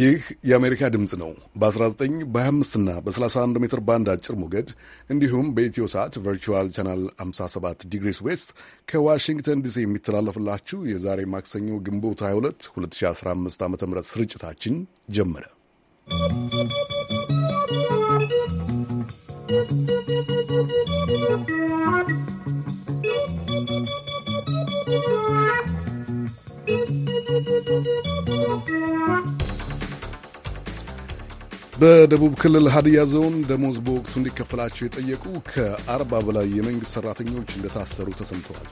ይህ የአሜሪካ ድምፅ ነው። በ19 በ25ና በ31 ሜትር ባንድ አጭር ሞገድ እንዲሁም በኢትዮ ሰዓት ቨርቹዋል ቻናል 57 ዲግሪስ ዌስት ከዋሽንግተን ዲሲ የሚተላለፍላችሁ የዛሬ ማክሰኞ ግንቦት 22 2015 ዓ ም ስርጭታችን ጀመረ። በደቡብ ክልል ሀዲያ ዞን ደሞዝ በወቅቱ እንዲከፈላቸው የጠየቁ ከአርባ በላይ የመንግስት ሰራተኞች እንደታሰሩ ተሰምተዋል።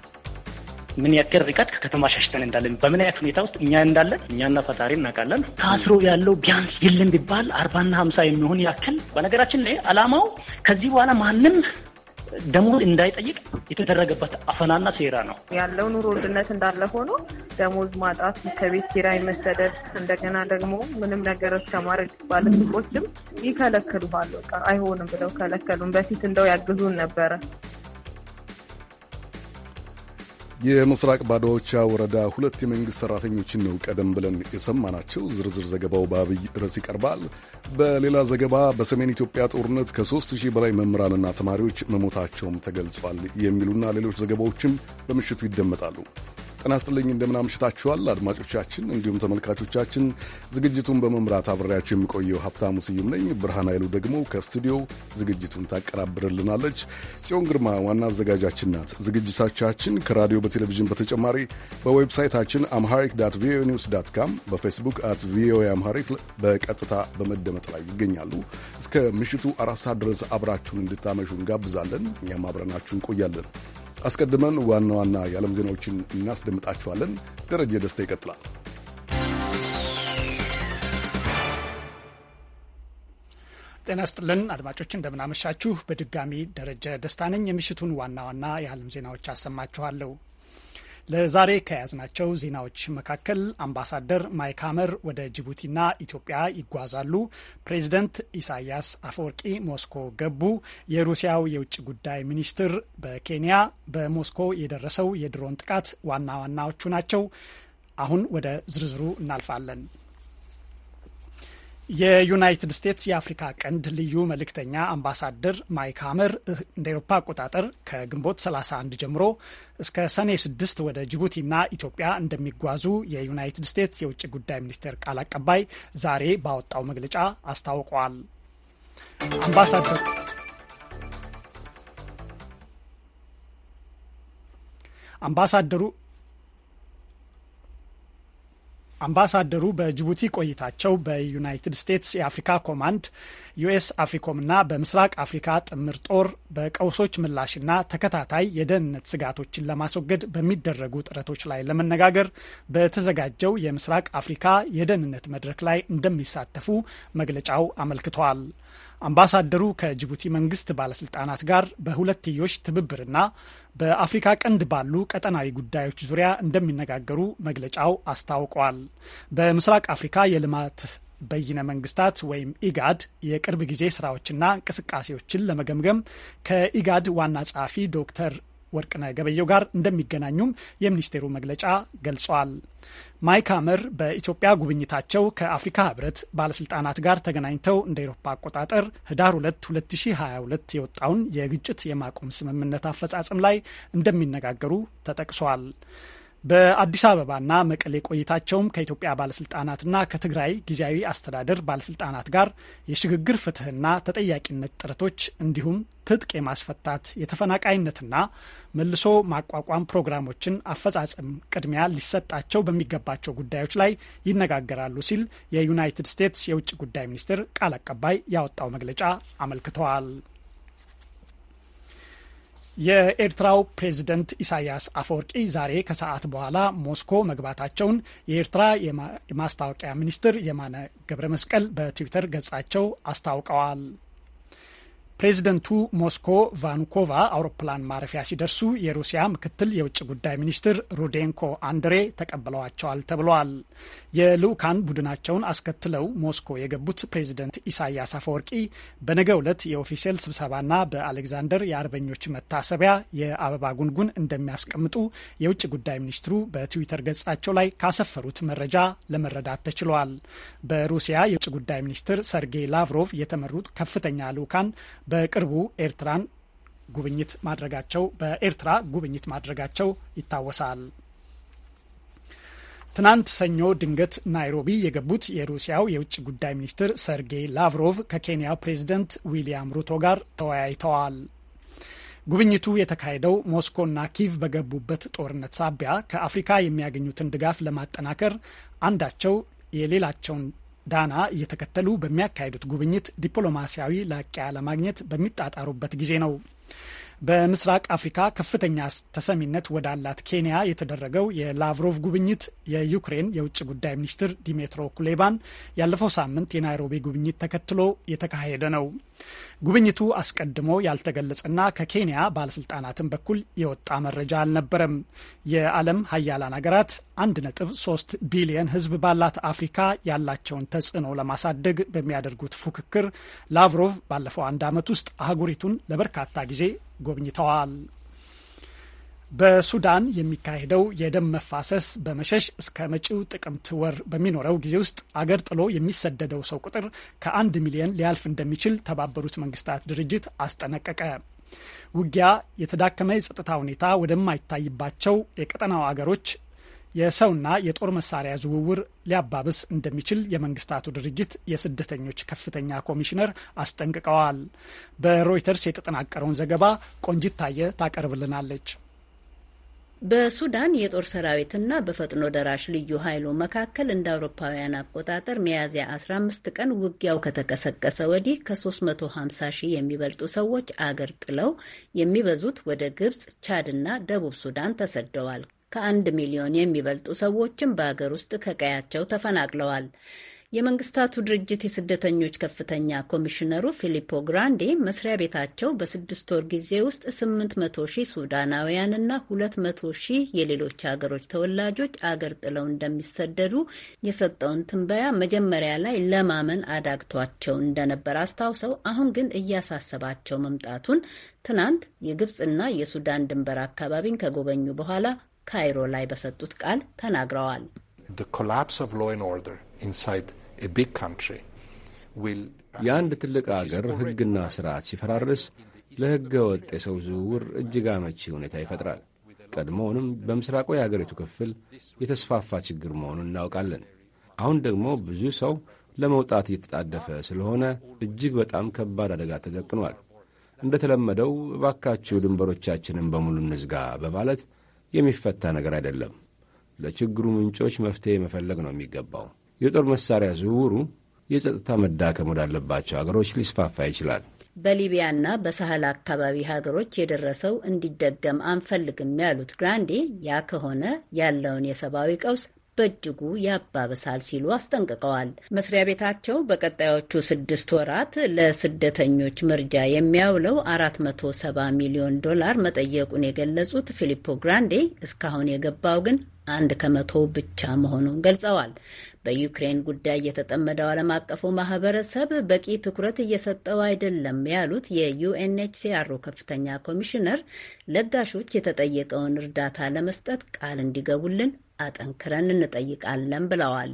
ምን ያክል ርቀት ከከተማ ሸሽተን እንዳለን በምን አይነት ሁኔታ ውስጥ እኛ እንዳለን እኛና ፈጣሪ እናውቃለን። ታስሮ ያለው ቢያንስ የለም ቢባል አርባና ሀምሳ የሚሆን ያክል። በነገራችን ላይ አላማው ከዚህ በኋላ ማንም ደሞዝ እንዳይጠይቅ የተደረገበት አፈናና ሴራ ነው። ያለው ኑሮ ውድነት እንዳለ ሆኖ ደሞዝ ማጣት፣ ከቤት ኪራይ መሰደድ፣ እንደገና ደግሞ ምንም ነገሮች ከማድረግ ባለሱቆችም ይከለክሉሃል። አይሆንም ብለው ከለከሉን። በፊት እንደው ያግዙን ነበረ የምስራቅ ባዶዎቻ ወረዳ ሁለት የመንግሥት ሠራተኞችን ነው ቀደም ብለን የሰማናቸው። ዝርዝር ዘገባው በአብይ ርዕስ ይቀርባል። በሌላ ዘገባ በሰሜን ኢትዮጵያ ጦርነት ከ3000 በላይ መምህራንና ተማሪዎች መሞታቸውም ተገልጿል የሚሉና ሌሎች ዘገባዎችም በምሽቱ ይደመጣሉ። ጤና ይስጥልኝ እንደምናምሽታችኋል አድማጮቻችን፣ እንዲሁም ተመልካቾቻችን። ዝግጅቱን በመምራት አብሬያቸው የሚቆየው ሀብታሙ ስዩም ነኝ። ብርሃን ኃይሉ ደግሞ ከስቱዲዮ ዝግጅቱን ታቀራብርልናለች። ጽዮን ግርማ ዋና አዘጋጃችን ናት። ዝግጅቶቻችን ከራዲዮ በቴሌቪዥን በተጨማሪ በዌብሳይታችን አምሃሪክ ዳት ቪኦኤ ኒውስ ዳት ካም፣ በፌስቡክ አት ቪኦኤ አምሃሪክ በቀጥታ በመደመጥ ላይ ይገኛሉ። እስከ ምሽቱ አራት ሰዓት ድረስ አብራችሁን እንድታመሹ እንጋብዛለን። እኛም አብረናችሁ እንቆያለን። አስቀድመን ዋና ዋና የዓለም ዜናዎችን እናስደምጣችኋለን። ደረጀ ደስታ ይቀጥላል። ጤና ስጥልን አድማጮች፣ እንደምናመሻችሁ። በድጋሚ ደረጀ ደስታ ነኝ። የምሽቱን ዋና ዋና የዓለም ዜናዎች አሰማችኋለሁ። ለዛሬ ከያዝናቸው ዜናዎች መካከል አምባሳደር ማይክ ሀመር ወደ ጅቡቲና ኢትዮጵያ ይጓዛሉ፣ ፕሬዚደንት ኢሳያስ አፈወርቂ ሞስኮ ገቡ፣ የሩሲያው የውጭ ጉዳይ ሚኒስትር በኬንያ በሞስኮ የደረሰው የድሮን ጥቃት ዋና ዋናዎቹ ናቸው። አሁን ወደ ዝርዝሩ እናልፋለን። የዩናይትድ ስቴትስ የአፍሪካ ቀንድ ልዩ መልእክተኛ አምባሳደር ማይክ ሀመር እንደ ኤሮፓ አቆጣጠር ከግንቦት 31 ጀምሮ እስከ ሰኔ 6 ወደ ጅቡቲና ኢትዮጵያ እንደሚጓዙ የዩናይትድ ስቴትስ የውጭ ጉዳይ ሚኒስቴር ቃል አቀባይ ዛሬ ባወጣው መግለጫ አስታውቋል። አምባሳደር አምባሳደሩ አምባሳደሩ በጅቡቲ ቆይታቸው በዩናይትድ ስቴትስ የአፍሪካ ኮማንድ ዩኤስ አፍሪኮምና በምስራቅ አፍሪካ ጥምር ጦር በቀውሶች ምላሽና ተከታታይ የደህንነት ስጋቶችን ለማስወገድ በሚደረጉ ጥረቶች ላይ ለመነጋገር በተዘጋጀው የምስራቅ አፍሪካ የደህንነት መድረክ ላይ እንደሚሳተፉ መግለጫው አመልክቷል። አምባሳደሩ ከጅቡቲ መንግስት ባለስልጣናት ጋር በሁለትዮሽ ትብብርና በአፍሪካ ቀንድ ባሉ ቀጠናዊ ጉዳዮች ዙሪያ እንደሚነጋገሩ መግለጫው አስታውቋል። በምስራቅ አፍሪካ የልማት በይነ መንግስታት ወይም ኢጋድ የቅርብ ጊዜ ስራዎችና እንቅስቃሴዎችን ለመገምገም ከኢጋድ ዋና ጸሐፊ ዶክተር ወርቅነህ ገበየው ጋር እንደሚገናኙም የሚኒስቴሩ መግለጫ ገልጿል። ማይክ ሀመር በኢትዮጵያ ጉብኝታቸው ከአፍሪካ ህብረት ባለስልጣናት ጋር ተገናኝተው እንደ ኤሮፓ አቆጣጠር ህዳር 2 2022 የወጣውን የግጭት የማቆም ስምምነት አፈጻጸም ላይ እንደሚነጋገሩ ተጠቅሷል። በአዲስ አበባና መቀሌ ቆይታቸውም ከኢትዮጵያ ባለስልጣናትና ከትግራይ ጊዜያዊ አስተዳደር ባለስልጣናት ጋር የሽግግር ፍትህና ተጠያቂነት ጥረቶች እንዲሁም ትጥቅ የማስፈታት የተፈናቃይነትና መልሶ ማቋቋም ፕሮግራሞችን አፈጻጸም ቅድሚያ ሊሰጣቸው በሚገባቸው ጉዳዮች ላይ ይነጋገራሉ ሲል የዩናይትድ ስቴትስ የውጭ ጉዳይ ሚኒስትር ቃል አቀባይ ያወጣው መግለጫ አመልክተዋል። የኤርትራው ፕሬዝደንት ኢሳያስ አፈወርቂ ዛሬ ከሰዓት በኋላ ሞስኮ መግባታቸውን የኤርትራ የማስታወቂያ ሚኒስትር የማነ ገብረ መስቀል በትዊተር ገጻቸው አስታውቀዋል። ፕሬዚደንቱ ሞስኮ ቫንኮቫ አውሮፕላን ማረፊያ ሲደርሱ የሩሲያ ምክትል የውጭ ጉዳይ ሚኒስትር ሩዴንኮ አንድሬ ተቀብለዋቸዋል ተብለዋል። የልዑካን ቡድናቸውን አስከትለው ሞስኮ የገቡት ፕሬዚደንት ኢሳያስ አፈወርቂ በነገ ዕለት የኦፊሴል ስብሰባና በአሌክዛንደር የአርበኞች መታሰቢያ የአበባ ጉንጉን እንደሚያስቀምጡ የውጭ ጉዳይ ሚኒስትሩ በትዊተር ገጻቸው ላይ ካሰፈሩት መረጃ ለመረዳት ተችሏል። በሩሲያ የውጭ ጉዳይ ሚኒስትር ሰርጌይ ላቭሮቭ የተመሩት ከፍተኛ ልዑካን በቅርቡ ኤርትራን ጉብኝት ማድረጋቸው በኤርትራ ጉብኝት ማድረጋቸው ይታወሳል። ትናንት ሰኞ ድንገት ናይሮቢ የገቡት የሩሲያው የውጭ ጉዳይ ሚኒስትር ሰርጌይ ላቭሮቭ ከኬንያ ፕሬዝደንት ዊሊያም ሩቶ ጋር ተወያይተዋል። ጉብኝቱ የተካሄደው ሞስኮና ኪቭ በገቡበት ጦርነት ሳቢያ ከአፍሪካ የሚያገኙትን ድጋፍ ለማጠናከር አንዳቸው የሌላቸውን ዳና እየተከተሉ በሚያካሂዱት ጉብኝት ዲፕሎማሲያዊ ላቂያ ለማግኘት በሚጣጣሩበት ጊዜ ነው። በምስራቅ አፍሪካ ከፍተኛ ተሰሚነት ወዳላት ኬንያ የተደረገው የላቭሮቭ ጉብኝት የዩክሬን የውጭ ጉዳይ ሚኒስትር ዲሜትሮ ኩሌባን ያለፈው ሳምንት የናይሮቢ ጉብኝት ተከትሎ የተካሄደ ነው። ጉብኝቱ አስቀድሞ ያልተገለጸና ከኬንያ ባለስልጣናትን በኩል የወጣ መረጃ አልነበረም። የዓለም ሀያላን ሀገራት 1.3 ቢሊየን ሕዝብ ባላት አፍሪካ ያላቸውን ተጽዕኖ ለማሳደግ በሚያደርጉት ፉክክር ላቭሮቭ ባለፈው አንድ ዓመት ውስጥ አህጉሪቱን ለበርካታ ጊዜ ጎብኝተዋል። በሱዳን የሚካሄደው የደም መፋሰስ በመሸሽ እስከ መጪው ጥቅምት ወር በሚኖረው ጊዜ ውስጥ አገር ጥሎ የሚሰደደው ሰው ቁጥር ከአንድ ሚሊየን ሊያልፍ እንደሚችል ተባበሩት መንግስታት ድርጅት አስጠነቀቀ። ውጊያ፣ የተዳከመ የጸጥታ ሁኔታ ወደማይታይባቸው የቀጠናው አገሮች የሰውና የጦር መሳሪያ ዝውውር ሊያባብስ እንደሚችል የመንግስታቱ ድርጅት የስደተኞች ከፍተኛ ኮሚሽነር አስጠንቅቀዋል። በሮይተርስ የተጠናቀረውን ዘገባ ቆንጂት ታየ ታቀርብልናለች። በሱዳን የጦር ሰራዊትና በፈጥኖ ደራሽ ልዩ ኃይሉ መካከል እንደ አውሮፓውያን አቆጣጠር ሚያዝያ 15 ቀን ውጊያው ከተቀሰቀሰ ወዲህ ከ350 ሺህ የሚበልጡ ሰዎች አገር ጥለው የሚበዙት ወደ ግብፅ፣ ቻድና ደቡብ ሱዳን ተሰደዋል። ከአንድ ሚሊዮን የሚበልጡ ሰዎችም በአገር ውስጥ ከቀያቸው ተፈናቅለዋል። የመንግስታቱ ድርጅት የስደተኞች ከፍተኛ ኮሚሽነሩ ፊሊፖ ግራንዴ መስሪያ ቤታቸው በስድስት ወር ጊዜ ውስጥ 800 ሺህ ሱዳናውያንና 200 ሺህ የሌሎች ሀገሮች ተወላጆች አገር ጥለው እንደሚሰደዱ የሰጠውን ትንበያ መጀመሪያ ላይ ለማመን አዳግቷቸው እንደነበር አስታውሰው አሁን ግን እያሳሰባቸው መምጣቱን ትናንት የግብፅና የሱዳን ድንበር አካባቢን ከጎበኙ በኋላ ካይሮ ላይ በሰጡት ቃል ተናግረዋል። የአንድ ትልቅ አገር ሕግና ስርዓት ሲፈራርስ ለሕገ ወጥ የሰው ዝውውር እጅግ አመቺ ሁኔታ ይፈጥራል። ቀድሞውንም በምስራቁ የአገሪቱ ክፍል የተስፋፋ ችግር መሆኑን እናውቃለን። አሁን ደግሞ ብዙ ሰው ለመውጣት እየተጣደፈ ስለሆነ እጅግ በጣም ከባድ አደጋ ተደቅኗል። እንደተለመደው እባካችሁ ድንበሮቻችንን በሙሉ እንዝጋ በማለት የሚፈታ ነገር አይደለም። ለችግሩ ምንጮች መፍትሄ መፈለግ ነው የሚገባው። የጦር መሳሪያ ዝውውሩ የጸጥታ መዳከም ወዳለባቸው አገሮች ሊስፋፋ ይችላል። በሊቢያና በሳህል አካባቢ ሀገሮች የደረሰው እንዲደገም አንፈልግም ያሉት ግራንዴ፣ ያ ከሆነ ያለውን የሰብአዊ ቀውስ በእጅጉ ያባብሳል ሲሉ አስጠንቅቀዋል። መስሪያ ቤታቸው በቀጣዮቹ ስድስት ወራት ለስደተኞች መርጃ የሚያውለው 470 ሚሊዮን ዶላር መጠየቁን የገለጹት ፊሊፖ ግራንዴ እስካሁን የገባው ግን አንድ ከመቶ ብቻ መሆኑን ገልጸዋል። በዩክሬን ጉዳይ የተጠመደው ዓለም አቀፉ ማህበረሰብ በቂ ትኩረት እየሰጠው አይደለም ያሉት የዩኤንኤችሲአሩ ከፍተኛ ኮሚሽነር ለጋሾች የተጠየቀውን እርዳታ ለመስጠት ቃል እንዲገቡልን አጠንክረን እንጠይቃለን ብለዋል።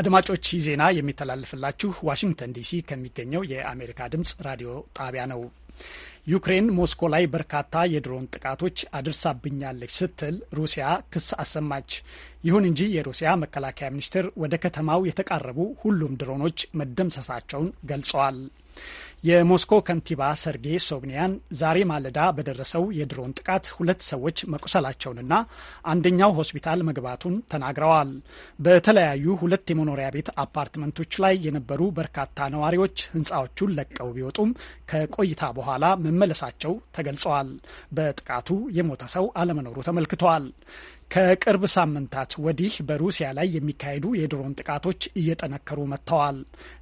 አድማጮች ይህ ዜና የሚተላለፍላችሁ ዋሽንግተን ዲሲ ከሚገኘው የአሜሪካ ድምፅ ራዲዮ ጣቢያ ነው። ዩክሬን ሞስኮ ላይ በርካታ የድሮን ጥቃቶች አድርሳብኛለች ስትል ሩሲያ ክስ አሰማች። ይሁን እንጂ የሩሲያ መከላከያ ሚኒስቴር ወደ ከተማው የተቃረቡ ሁሉም ድሮኖች መደምሰሳቸውን ገልጸዋል። የሞስኮ ከንቲባ ሰርጌይ ሶብኒያን ዛሬ ማለዳ በደረሰው የድሮን ጥቃት ሁለት ሰዎች መቁሰላቸውንና አንደኛው ሆስፒታል መግባቱን ተናግረዋል። በተለያዩ ሁለት የመኖሪያ ቤት አፓርትመንቶች ላይ የነበሩ በርካታ ነዋሪዎች ሕንፃዎቹን ለቀው ቢወጡም ከቆይታ በኋላ መመለሳቸው ተገልጸዋል። በጥቃቱ የሞተ ሰው አለመኖሩ ተመልክተዋል። ከቅርብ ሳምንታት ወዲህ በሩሲያ ላይ የሚካሄዱ የድሮን ጥቃቶች እየጠነከሩ መጥተዋል።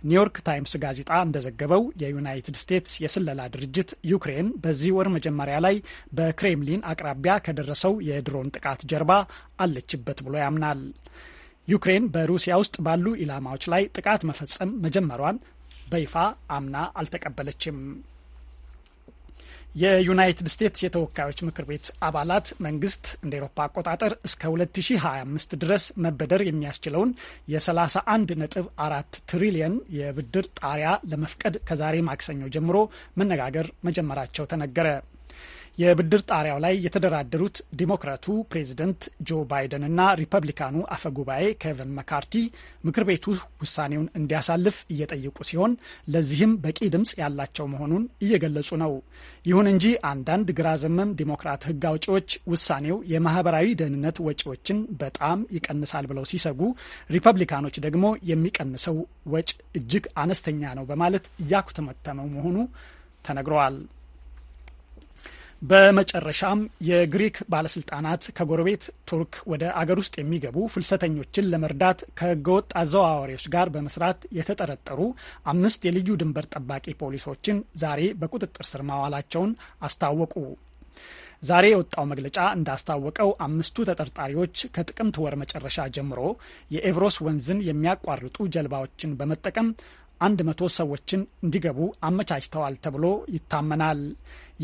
ኒውዮርክ ታይምስ ጋዜጣ እንደዘገበው የዩናይትድ ስቴትስ የስለላ ድርጅት ዩክሬን በዚህ ወር መጀመሪያ ላይ በክሬምሊን አቅራቢያ ከደረሰው የድሮን ጥቃት ጀርባ አለችበት ብሎ ያምናል። ዩክሬን በሩሲያ ውስጥ ባሉ ኢላማዎች ላይ ጥቃት መፈጸም መጀመሯን በይፋ አምና አልተቀበለችም። የዩናይትድ ስቴትስ የተወካዮች ምክር ቤት አባላት መንግስት እንደ ኤሮፓ አቆጣጠር እስከ 2025 ድረስ መበደር የሚያስችለውን የ31 ነጥብ 4 ትሪሊየን የብድር ጣሪያ ለመፍቀድ ከዛሬ ማክሰኞ ጀምሮ መነጋገር መጀመራቸው ተነገረ። የብድር ጣሪያው ላይ የተደራደሩት ዲሞክራቱ ፕሬዚደንት ጆ ባይደን እና ሪፐብሊካኑ አፈጉባኤ ኬቨን መካርቲ ምክር ቤቱ ውሳኔውን እንዲያሳልፍ እየጠየቁ ሲሆን ለዚህም በቂ ድምፅ ያላቸው መሆኑን እየገለጹ ነው። ይሁን እንጂ አንዳንድ ግራ ዘመም ዲሞክራት ሕግ አውጪዎች ውሳኔው የማህበራዊ ደህንነት ወጪዎችን በጣም ይቀንሳል ብለው ሲሰጉ፣ ሪፐብሊካኖች ደግሞ የሚቀንሰው ወጪ እጅግ አነስተኛ ነው በማለት እያኩተመተመው መሆኑ ተነግረዋል። በመጨረሻም የግሪክ ባለስልጣናት ከጎረቤት ቱርክ ወደ አገር ውስጥ የሚገቡ ፍልሰተኞችን ለመርዳት ከህገወጥ አዘዋዋሪዎች ጋር በመስራት የተጠረጠሩ አምስት የልዩ ድንበር ጠባቂ ፖሊሶችን ዛሬ በቁጥጥር ስር ማዋላቸውን አስታወቁ። ዛሬ የወጣው መግለጫ እንዳስታወቀው አምስቱ ተጠርጣሪዎች ከጥቅምት ወር መጨረሻ ጀምሮ የኤቭሮስ ወንዝን የሚያቋርጡ ጀልባዎችን በመጠቀም አንድ መቶ ሰዎችን እንዲገቡ አመቻችተዋል ተብሎ ይታመናል።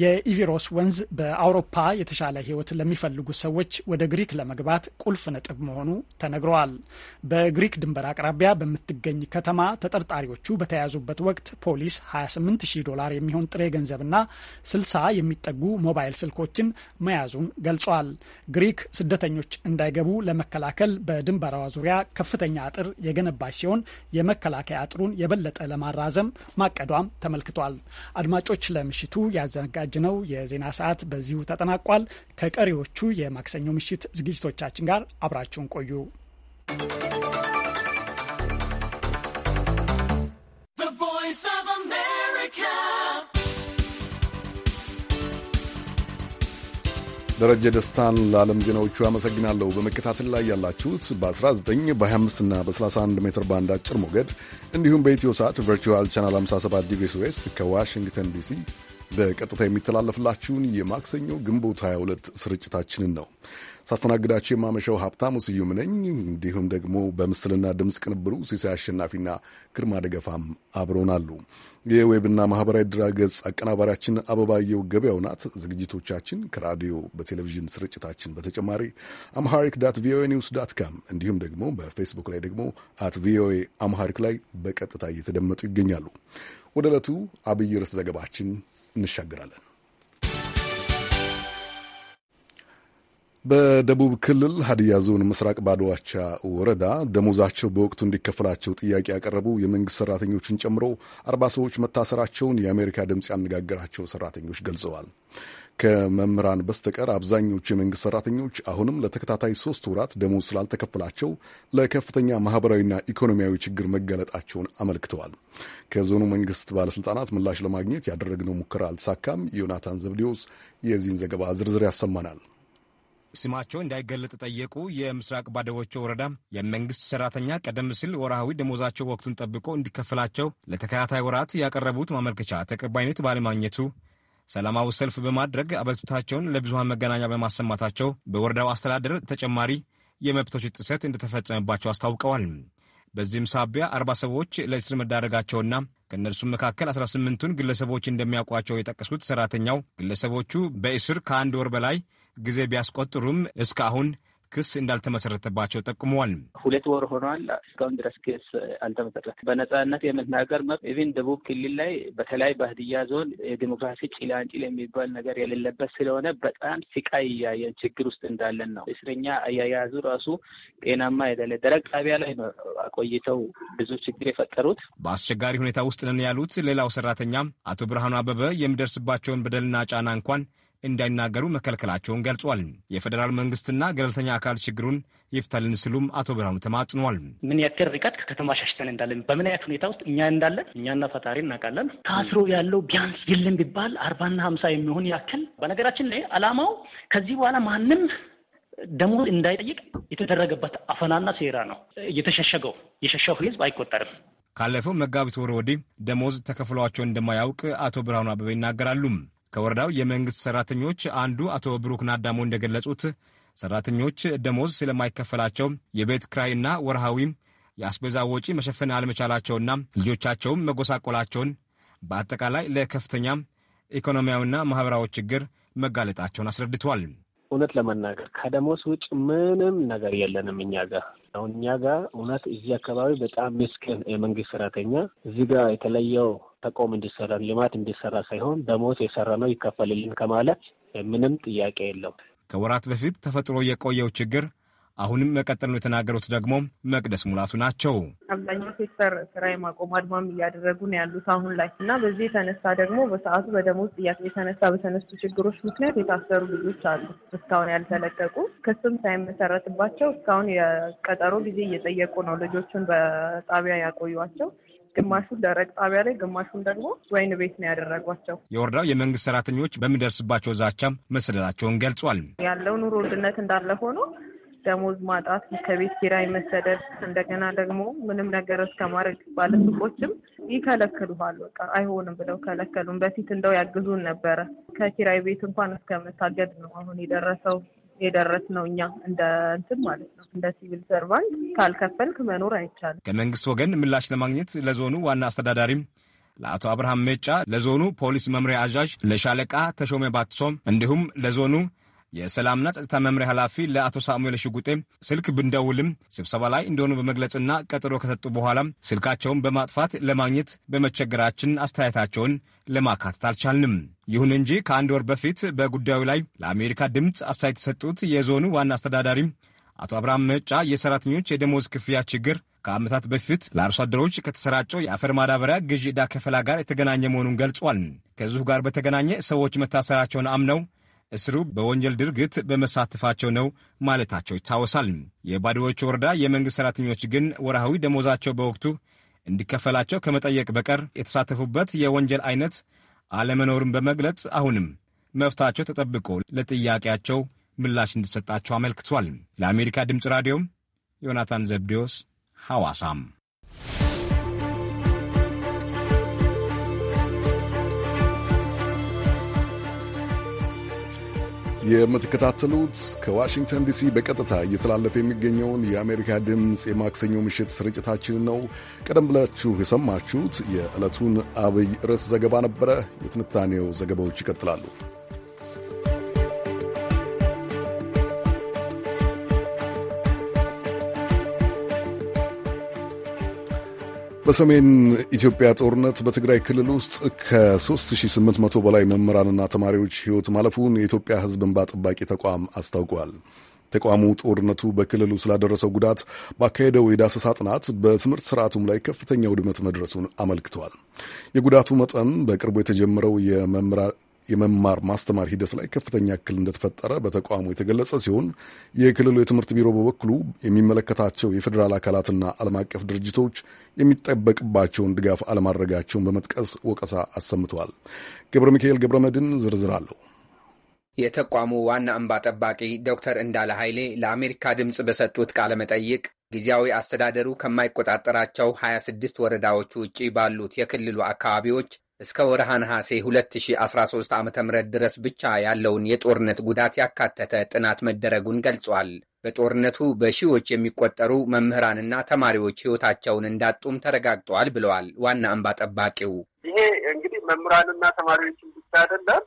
የኢቪሮስ ወንዝ በአውሮፓ የተሻለ ሕይወት ለሚፈልጉ ሰዎች ወደ ግሪክ ለመግባት ቁልፍ ነጥብ መሆኑ ተነግረዋል። በግሪክ ድንበር አቅራቢያ በምትገኝ ከተማ ተጠርጣሪዎቹ በተያዙበት ወቅት ፖሊስ 280 ዶላር የሚሆን ጥሬ ገንዘብና 60 የሚጠጉ ሞባይል ስልኮችን መያዙን ገልጿል። ግሪክ ስደተኞች እንዳይገቡ ለመከላከል በድንበሯ ዙሪያ ከፍተኛ አጥር የገነባች ሲሆን የመከላከያ አጥሩን የበለ የበለጠ ለማራዘም ማቀዷም ተመልክቷል። አድማጮች፣ ለምሽቱ ያዘጋጅነው የዜና ሰዓት በዚሁ ተጠናቋል። ከቀሪዎቹ የማክሰኞ ምሽት ዝግጅቶቻችን ጋር አብራችሁን ቆዩ። ደረጀ ደስታን ለዓለም ዜናዎቹ አመሰግናለሁ። በመከታተል ላይ ያላችሁት በ19 በ25 እና በ31 ሜትር ባንድ አጭር ሞገድ እንዲሁም በኢትዮ ሰዓት ቨርቹዋል ቻናል 57 ዲግሪስ ዌስት ከዋሽንግተን ዲሲ በቀጥታ የሚተላለፍላችሁን የማክሰኞ ግንቦት 22 ስርጭታችንን ነው። ሳስተናግዳችሁ የማመሻው ሀብታሙ ስዩም ነኝ። እንዲሁም ደግሞ በምስልና ድምፅ ቅንብሩ ሲሳይ አሸናፊና ግርማ ደገፋም አብረውናሉ። የዌብና ማህበራዊ ድረገጽ አቀናባሪያችን አበባየው ገበያው ናት። ዝግጅቶቻችን ከራዲዮ በቴሌቪዥን ስርጭታችን በተጨማሪ አምሃሪክ ዳት ቪኦኤ ኒውስ ዳት ካም እንዲሁም ደግሞ በፌስቡክ ላይ ደግሞ አት ቪኦኤ አምሃሪክ ላይ በቀጥታ እየተደመጡ ይገኛሉ። ወደ ዕለቱ አብይ ርዕስ ዘገባችን እንሻገራለን። በደቡብ ክልል ሀዲያ ዞን ምስራቅ ባዶዋቻ ወረዳ ደሞዛቸው በወቅቱ እንዲከፈላቸው ጥያቄ ያቀረቡ የመንግስት ሰራተኞችን ጨምሮ አርባ ሰዎች መታሰራቸውን የአሜሪካ ድምፅ ያነጋገራቸው ሰራተኞች ገልጸዋል። ከመምህራን በስተቀር አብዛኞቹ የመንግስት ሰራተኞች አሁንም ለተከታታይ ሶስት ወራት ደሞዝ ስላልተከፈላቸው ለከፍተኛ ማህበራዊና ኢኮኖሚያዊ ችግር መጋለጣቸውን አመልክተዋል። ከዞኑ መንግስት ባለስልጣናት ምላሽ ለማግኘት ያደረግነው ሙከራ አልተሳካም። ዮናታን ዘብዴዎስ የዚህን ዘገባ ዝርዝር ያሰማናል። ስማቸው እንዳይገለጥ ጠየቁ የምስራቅ ባደቦቾ ወረዳ የመንግስት ሰራተኛ ቀደም ሲል ወርሃዊ ደሞዛቸው ወቅቱን ጠብቆ እንዲከፈላቸው ለተከታታይ ወራት ያቀረቡት ማመልከቻ ተቀባይነት ባለማግኘቱ ሰላማዊ ሰልፍ በማድረግ አቤቱታቸውን ለብዙሀን መገናኛ በማሰማታቸው በወረዳው አስተዳደር ተጨማሪ የመብቶች ጥሰት እንደተፈጸመባቸው አስታውቀዋል። በዚህም ሳቢያ አርባ ሰዎች ለእስር መዳረጋቸውና ከእነርሱም መካከል 18ቱን ግለሰቦች እንደሚያውቋቸው የጠቀሱት ሰራተኛው ግለሰቦቹ በእስር ከአንድ ወር በላይ ጊዜ ቢያስቆጥሩም እስካሁን ክስ እንዳልተመሰረተባቸው ጠቁመዋል። ሁለት ወር ሆኗል። እስካሁን ድረስ ክስ አልተመሰረተ። በነጻነት የመናገር መብት ኢቭን ደቡብ ክልል ላይ በተለይ በህድያ ዞን የዲሞክራሲ ጭላንጭል የሚባል ነገር የሌለበት ስለሆነ በጣም ስቃይ እያየን ችግር ውስጥ እንዳለን ነው። እስረኛ አያያዙ ራሱ ጤናማ አይደለ። ደረቅ ጣቢያ ላይ ነው አቆይተው ብዙ ችግር የፈጠሩት። በአስቸጋሪ ሁኔታ ውስጥ ነን ያሉት ሌላው ሰራተኛ አቶ ብርሃኑ አበበ የሚደርስባቸውን በደልና ጫና እንኳን እንዳይናገሩ መከልከላቸውን ገልጿል። የፌዴራል መንግስትና ገለልተኛ አካል ችግሩን ይፍታልን ስሉም አቶ ብርሃኑ ተማጽኗል። ምን ያክል ርቀት ከከተማ ሸሽተን እንዳለን፣ በምን አይነት ሁኔታ ውስጥ እኛ እንዳለን እኛና ፈጣሪ እናውቃለን። ታስሮ ያለው ቢያንስ የለም ቢባል አርባና ሀምሳ የሚሆን ያክል በነገራችን ላይ አላማው ከዚህ በኋላ ማንም ደሞዝ እንዳይጠይቅ የተደረገበት አፈናና ሴራ ነው። የተሸሸገው የሸሸው ህዝብ አይቆጠርም። ካለፈው መጋቢት ወር ወዲህ ደሞዝ ተከፍሏቸው እንደማያውቅ አቶ ብርሃኑ አበበ ይናገራሉ። ከወረዳው የመንግሥት ሠራተኞች አንዱ አቶ ብሩክ ናዳሞ እንደገለጹት ሠራተኞች ደሞዝ ስለማይከፈላቸው የቤት ክራይና ወርሃዊ የአስቤዛ ወጪ መሸፈን አለመቻላቸውና ልጆቻቸውም መጎሳቆላቸውን በአጠቃላይ ለከፍተኛ ኢኮኖሚያዊና ማኅበራዊ ችግር መጋለጣቸውን አስረድቷል። እውነት ለመናገር ከደሞዝ ውጭ ምንም ነገር የለንም እኛ ጋር። አሁን እኛ ጋር እውነት እዚህ አካባቢ በጣም ምስኪን የመንግስት ሰራተኛ እዚህ ጋር የተለየው ተቆም እንዲሰራ ልማት እንዲሰራ ሳይሆን ደሞዝ የሰራ ነው ይከፈልልን ከማለት ምንም ጥያቄ የለው። ከወራት በፊት ተፈጥሮ የቆየው ችግር አሁንም ነው የተናገሩት ደግሞ መቅደስ ሙላቱ ናቸው። አብዛኛው ሴክተር ስራ የማቆም አድማም እያደረጉ ነው ያሉት አሁን ላይ እና በዚህ የተነሳ ደግሞ በሰዓቱ በደሞዝ ጥያቄ የተነሳ በተነሱ ችግሮች ምክንያት የታሰሩ ልጆች አሉ እስካሁን ያልተለቀቁ ክስም ሳይመሰረትባቸው እስካሁን የቀጠሮ ጊዜ እየጠየቁ ነው። ልጆቹን በጣቢያ ያቆዩቸው። ግማሹን ደረቅ ጣቢያ ላይ ግማሹን ደግሞ ወይን ቤት ነው ያደረጓቸው። የወረዳው የመንግስት ሰራተኞች በሚደርስባቸው ዛቻም መሰደዳቸውን ገልጿል። ያለው ኑሮ ውድነት እንዳለ ሆኖ ደሞዝ ማጣት፣ ከቤት ኪራይ መሰደድ፣ እንደገና ደግሞ ምንም ነገር እስከማድረግ ባለሱቆችም ይከለክሉሃል። በቃ አይሆንም ብለው ከለከሉን። በፊት እንደው ያግዙን ነበረ። ከኪራይ ቤት እንኳን እስከመታገድ ነው አሁን የደረሰው የደረስ ነው። እኛ እንደ እንትን ማለት ነው እንደ ሲቪል ሰርቫንት ካልከፈልክ መኖር አይቻልም። ከመንግስት ወገን ምላሽ ለማግኘት ለዞኑ ዋና አስተዳዳሪም ለአቶ አብርሃም ሜጫ፣ ለዞኑ ፖሊስ መምሪያ አዛዥ፣ ለሻለቃ ተሾመ ባትሶም እንዲሁም ለዞኑ የሰላምና ጸጥታ መምሪያ ኃላፊ ለአቶ ሳሙኤል ሽጉጤ ስልክ ብንደውልም ስብሰባ ላይ እንደሆኑ በመግለጽና ቀጠሮ ከሰጡ በኋላ ስልካቸውን በማጥፋት ለማግኘት በመቸገራችን አስተያየታቸውን ለማካተት አልቻልንም። ይሁን እንጂ ከአንድ ወር በፊት በጉዳዩ ላይ ለአሜሪካ ድምፅ አስተያየት የሰጡት የዞኑ ዋና አስተዳዳሪ አቶ አብርሃም መጫ የሰራተኞች የደሞዝ ክፍያ ችግር ከዓመታት በፊት ለአርሶ አደሮች ከተሰራጨው የአፈር ማዳበሪያ ግዢ ዕዳ ከፈላ ጋር የተገናኘ መሆኑን ገልጿል። ከዚሁ ጋር በተገናኘ ሰዎች መታሰራቸውን አምነው እስሩ በወንጀል ድርግት በመሳተፋቸው ነው ማለታቸው ይታወሳል። የባዲዎቹ ወረዳ የመንግሥት ሠራተኞች ግን ወርሃዊ ደሞዛቸው በወቅቱ እንዲከፈላቸው ከመጠየቅ በቀር የተሳተፉበት የወንጀል አይነት አለመኖሩን በመግለጽ አሁንም መፍታቸው ተጠብቆ ለጥያቄያቸው ምላሽ እንዲሰጣቸው አመልክቷል። ለአሜሪካ ድምፅ ራዲዮም ዮናታን ዘብዴዎስ ሐዋሳም የምትከታተሉት ከዋሽንግተን ዲሲ በቀጥታ እየተላለፈ የሚገኘውን የአሜሪካ ድምፅ የማክሰኞ ምሽት ስርጭታችን ነው። ቀደም ብላችሁ የሰማችሁት የዕለቱን አብይ ርዕስ ዘገባ ነበረ። የትንታኔው ዘገባዎች ይቀጥላሉ። በሰሜን ኢትዮጵያ ጦርነት በትግራይ ክልል ውስጥ ከ3800 በላይ መምህራንና ተማሪዎች ሕይወት ማለፉን የኢትዮጵያ ሕዝብ እንባ ጠባቂ ተቋም አስታውቋል። ተቋሙ ጦርነቱ በክልሉ ስላደረሰው ጉዳት ባካሄደው የዳሰሳ ጥናት በትምህርት ስርዓቱም ላይ ከፍተኛ ውድመት መድረሱን አመልክተዋል። የጉዳቱ መጠን በቅርቡ የተጀመረው የመማር ማስተማር ሂደት ላይ ከፍተኛ እክል እንደተፈጠረ በተቋሙ የተገለጸ ሲሆን የክልሉ የትምህርት ቢሮ በበኩሉ የሚመለከታቸው የፌዴራል አካላትና ዓለም አቀፍ ድርጅቶች የሚጠበቅባቸውን ድጋፍ አለማድረጋቸውን በመጥቀስ ወቀሳ አሰምተዋል። ገብረ ሚካኤል ገብረ መድን ዝርዝር አለው። የተቋሙ ዋና እንባ ጠባቂ ዶክተር እንዳለ ኃይሌ ለአሜሪካ ድምፅ በሰጡት ቃለ መጠይቅ ጊዜያዊ አስተዳደሩ ከማይቆጣጠራቸው 26 ወረዳዎች ውጪ ባሉት የክልሉ አካባቢዎች እስከ ወርሃ ነሐሴ 2013 ዓ ም ድረስ ብቻ ያለውን የጦርነት ጉዳት ያካተተ ጥናት መደረጉን ገልጿል። በጦርነቱ በሺዎች የሚቆጠሩ መምህራንና ተማሪዎች ሕይወታቸውን እንዳጡም ተረጋግጧል ብለዋል ዋና እምባ ጠባቂው። ይሄ እንግዲህ መምህራንና ተማሪዎችን ብቻ አይደለም፣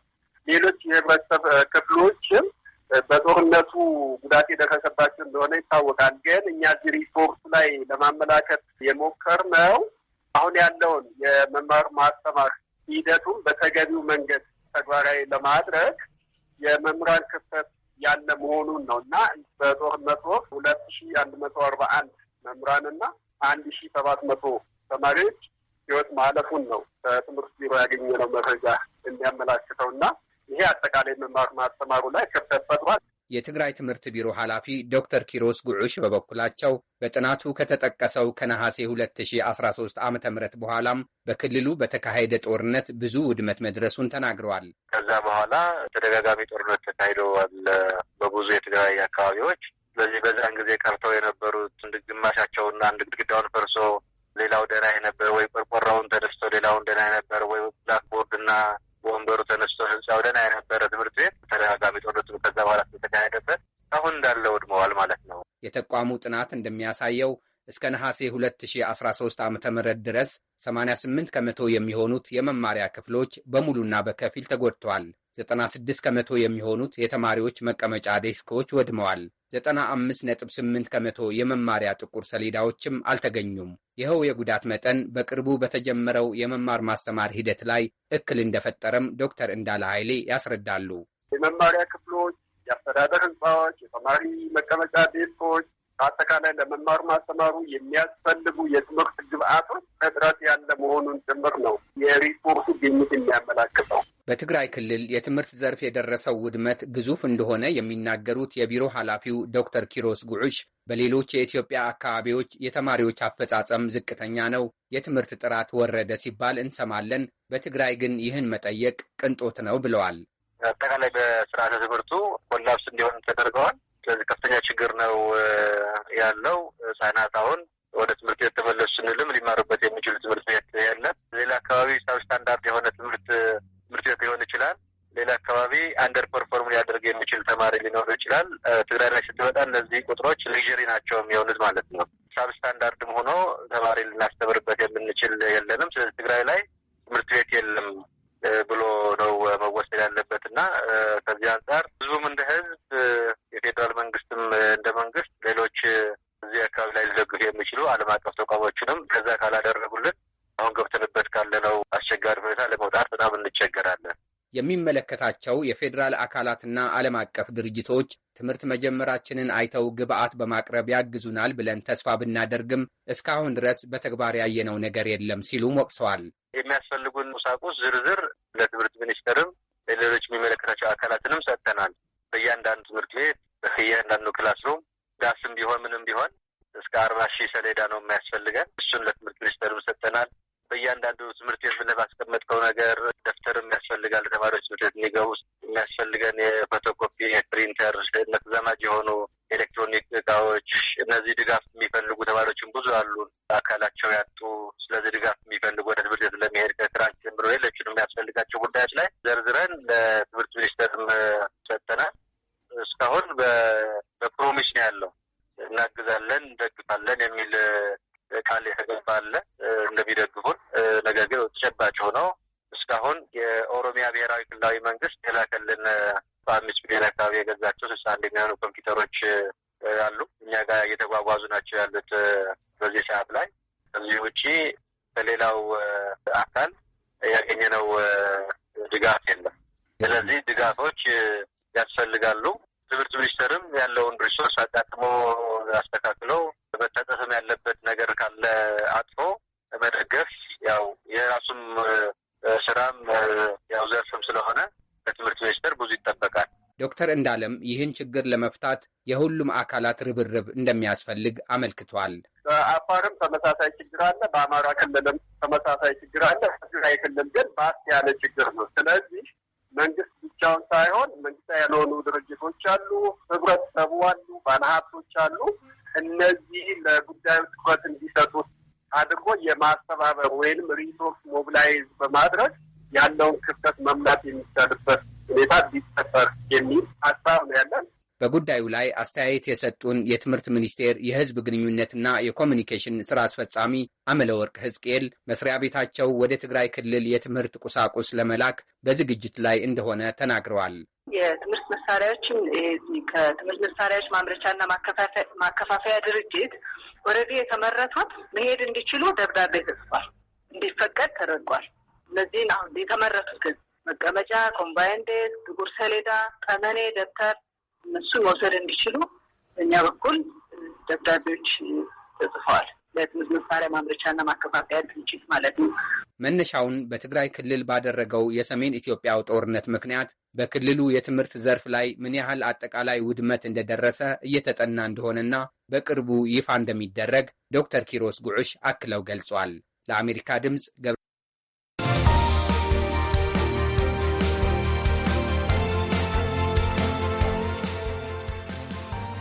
ሌሎች የህብረተሰብ ክፍሎችም በጦርነቱ ጉዳት የደረሰባቸው እንደሆነ ይታወቃል። ግን እኛ እዚህ ሪፖርት ላይ ለማመላከት የሞከር ነው አሁን ያለውን የመማር ማስተማር ሂደቱን በተገቢው መንገድ ተግባራዊ ለማድረግ የመምህራን ክፍተት ያለ መሆኑን ነው እና በጦርነት ወቅት ሁለት ሺ አንድ መቶ አርባ አንድ መምህራንና አንድ ሺ ሰባት መቶ ተማሪዎች ህይወት ማለፉን ነው በትምህርት ቢሮ ያገኘነው መረጃ የሚያመላክተው እና ይሄ አጠቃላይ መማር ማስተማሩ ላይ ክፍተት ፈጥሯል። የትግራይ ትምህርት ቢሮ ኃላፊ ዶክተር ኪሮስ ጉዑሽ በበኩላቸው በጥናቱ ከተጠቀሰው ከነሐሴ 2013 ዓ ም በኋላም በክልሉ በተካሄደ ጦርነት ብዙ ውድመት መድረሱን ተናግረዋል። ከዛ በኋላ ተደጋጋሚ ጦርነት ተካሂደዋል በብዙ የትግራይ አካባቢዎች። ስለዚህ በዛን ጊዜ ቀርተው የነበሩት አንድ ግማሻቸውና አንድ ግድግዳውን ፈርሶ ሌላው ደህና የነበረ ወይ ቆርቆራውን ተደስቶ ሌላውን ደህና የነበረ ወይ ብላክቦርድ በወንበሩ ተነስቶ ህንፃው ደህና የነበረ ትምህርት ቤት ተደጋጋሚ ጦርነቱ ከዛ በኋላ ተካሄደበት አሁን እንዳለ ውድመዋል ማለት ነው። የተቋሙ ጥናት እንደሚያሳየው እስከ ነሐሴ 2013 ዓ ም ድረስ 88 ከመቶ የሚሆኑት የመማሪያ ክፍሎች በሙሉና በከፊል ተጎድተዋል። 96 ከመቶ የሚሆኑት የተማሪዎች መቀመጫ ዴስኮች ወድመዋል። 95.8 ከመቶ የመማሪያ ጥቁር ሰሌዳዎችም አልተገኙም። ይኸው የጉዳት መጠን በቅርቡ በተጀመረው የመማር ማስተማር ሂደት ላይ እክል እንደፈጠረም ዶክተር እንዳለ ኃይሌ ያስረዳሉ። የመማሪያ ክፍሎች፣ የአስተዳደር ህንፃዎች፣ የተማሪ መቀመጫ ዴስኮች በአጠቃላይ ለመማር ማስተማሩ የሚያስፈልጉ የትምህርት ግብአቶች እጥረት ያለ መሆኑን ጭምር ነው የሪፖርቱ ግኝት የሚያመላክተው። በትግራይ ክልል የትምህርት ዘርፍ የደረሰው ውድመት ግዙፍ እንደሆነ የሚናገሩት የቢሮ ኃላፊው ዶክተር ኪሮስ ጉዑሽ በሌሎች የኢትዮጵያ አካባቢዎች የተማሪዎች አፈጻጸም ዝቅተኛ ነው፣ የትምህርት ጥራት ወረደ ሲባል እንሰማለን። በትግራይ ግን ይህን መጠየቅ ቅንጦት ነው ብለዋል። አጠቃላይ በስርዓተ ትምህርቱ ኮላፕስ እንዲሆን ተደርገዋል። ስለዚህ ከፍተኛ ችግር ነው ያለው። ህጻናት አሁን ወደ ትምህርት ቤት ተመለሱ ስንልም ሊማሩበት የሚችሉ ትምህርት ቤት የለም። ሌላ አካባቢ ሳብ ስታንዳርድ የሆነ ትምህርት ትምህርት ቤት ሊሆን ይችላል። ሌላ አካባቢ አንደር ፐርፎርም ሊያደርግ የሚችል ተማሪ ሊኖሩ ይችላል። ትግራይ ላይ ስትመጣ እነዚህ ቁጥሮች ሌጀሪ ናቸው የሚሆኑት ማለት ነው። ሳብ ስታንዳርድም ሆኖ ተማሪ ልናስተምርበት የምንችል የለንም። ስለዚህ ትግራይ ላይ ትምህርት ቤት የለም። ብሎ ነው መወሰድ ያለበት እና ከዚህ አንጻር ህዝቡም እንደ ህዝብ የፌዴራል መንግስትም እንደ መንግስት ሌሎች እዚህ አካባቢ ላይ ሊደግፉ የሚችሉ ዓለም አቀፍ ተቋሞችንም ከዛ ካላደረጉልን አሁን ገብተንበት ካለነው አስቸጋሪ ሁኔታ ለመውጣት በጣም እንቸገራለን። የሚመለከታቸው የፌዴራል አካላትና ዓለም አቀፍ ድርጅቶች ትምህርት መጀመራችንን አይተው ግብአት በማቅረብ ያግዙናል ብለን ተስፋ ብናደርግም እስካሁን ድረስ በተግባር ያየነው ነገር የለም ሲሉም ወቅሰዋል። የሚያስፈልጉን ቁሳቁስ ዝርዝር ለትምህርት ሚኒስቴርም ለሌሎች የሚመለከታቸው አካላትንም ሰጥተናል። በእያንዳንዱ ትምህርት ቤት በእያንዳንዱ ክላስሩም ዳስም ቢሆን ምንም ቢሆን እስከ አርባ ሺህ ሰሌዳ ነው የሚያስፈልገን። እሱን ለትምህርት ሚኒስቴርም ሰጥተናል። በእያንዳንዱ ትምህርት ቤት ብለህ ባስቀመጥከው ነገር ደብተርም ያስፈልጋል። ለተማሪዎች ትምህርት ቤት የሚገቡ ውስጥ የሚያስፈልገን የፎቶኮፒ፣ የፕሪንተር፣ ተዛማጅ የሆኑ ኤሌክትሮኒክ እቃዎች፣ እነዚህ ድጋፍ የሚፈልጉ ተማሪዎችን ብዙ አሉ፣ አካላቸው ያጡ። ስለዚህ ድጋፍ የሚፈልጉ ወደ ትምህርት ቤት ለመሄድ ከስራን ጀምሮ ሌሎችን የሚያስፈልጋቸው ጉዳዮች ላይ ዘርዝረን ለትምህርት ሚኒስቴርም ሰጠናል። እስካሁን በፕሮሚስ ነው ያለው እናግዛለን፣ እንደግፋለን የሚል ቃል የተገባ አለ እንደሚደግፉ አንደኛ እንዳለም ይህን ችግር ለመፍታት የሁሉም አካላት ርብርብ እንደሚያስፈልግ አመልክቷል። በአፋርም ተመሳሳይ ችግር አለ። በአማራ ክልልም ተመሳሳይ ችግር አለ። ትግራይ ክልል ግን ባስ ያለ ችግር ነው። ስለዚህ መንግስት ብቻውን ሳይሆን መንግስት ያልሆኑ ድርጅቶች አሉ፣ ህብረተሰቡ አሉ፣ ባለሀብቶች አሉ። እነዚህ ለጉዳዩ ትኩረት እንዲሰጡት አድርጎ የማስተባበር ወይንም ሪሶርስ ሞቢላይዝ በማድረግ ያለውን ክፍተት በጉዳዩ ላይ አስተያየት የሰጡን የትምህርት ሚኒስቴር የህዝብ ግንኙነትና የኮሚኒኬሽን ስራ አስፈጻሚ አመለወርቅ ህዝቅኤል መስሪያ ቤታቸው ወደ ትግራይ ክልል የትምህርት ቁሳቁስ ለመላክ በዝግጅት ላይ እንደሆነ ተናግረዋል። የትምህርት መሳሪያዎችን ከትምህርት መሳሪያዎች ማምረቻና ማከፋፈያ ድርጅት ወረዲ የተመረቱት መሄድ እንዲችሉ ደብዳቤ ተጽፏል፣ እንዲፈቀድ ተደርጓል። እነዚህን አሁን የተመረቱት መቀመጫ፣ ኮምባይን ዴስክ፣ ጥቁር ሰሌዳ፣ ጠመኔ፣ ደብተር እነሱ መውሰድ እንዲችሉ በእኛ በኩል ደብዳቤዎች ተጽፈዋል። ለትምህርት መሳሪያ ማምረቻና ማከፋፈያ ድርጅት ማለት ነው። መነሻውን በትግራይ ክልል ባደረገው የሰሜን ኢትዮጵያው ጦርነት ምክንያት በክልሉ የትምህርት ዘርፍ ላይ ምን ያህል አጠቃላይ ውድመት እንደደረሰ እየተጠና እንደሆነና በቅርቡ ይፋ እንደሚደረግ ዶክተር ኪሮስ ጉዑሽ አክለው ገልጿል። ለአሜሪካ ድምፅ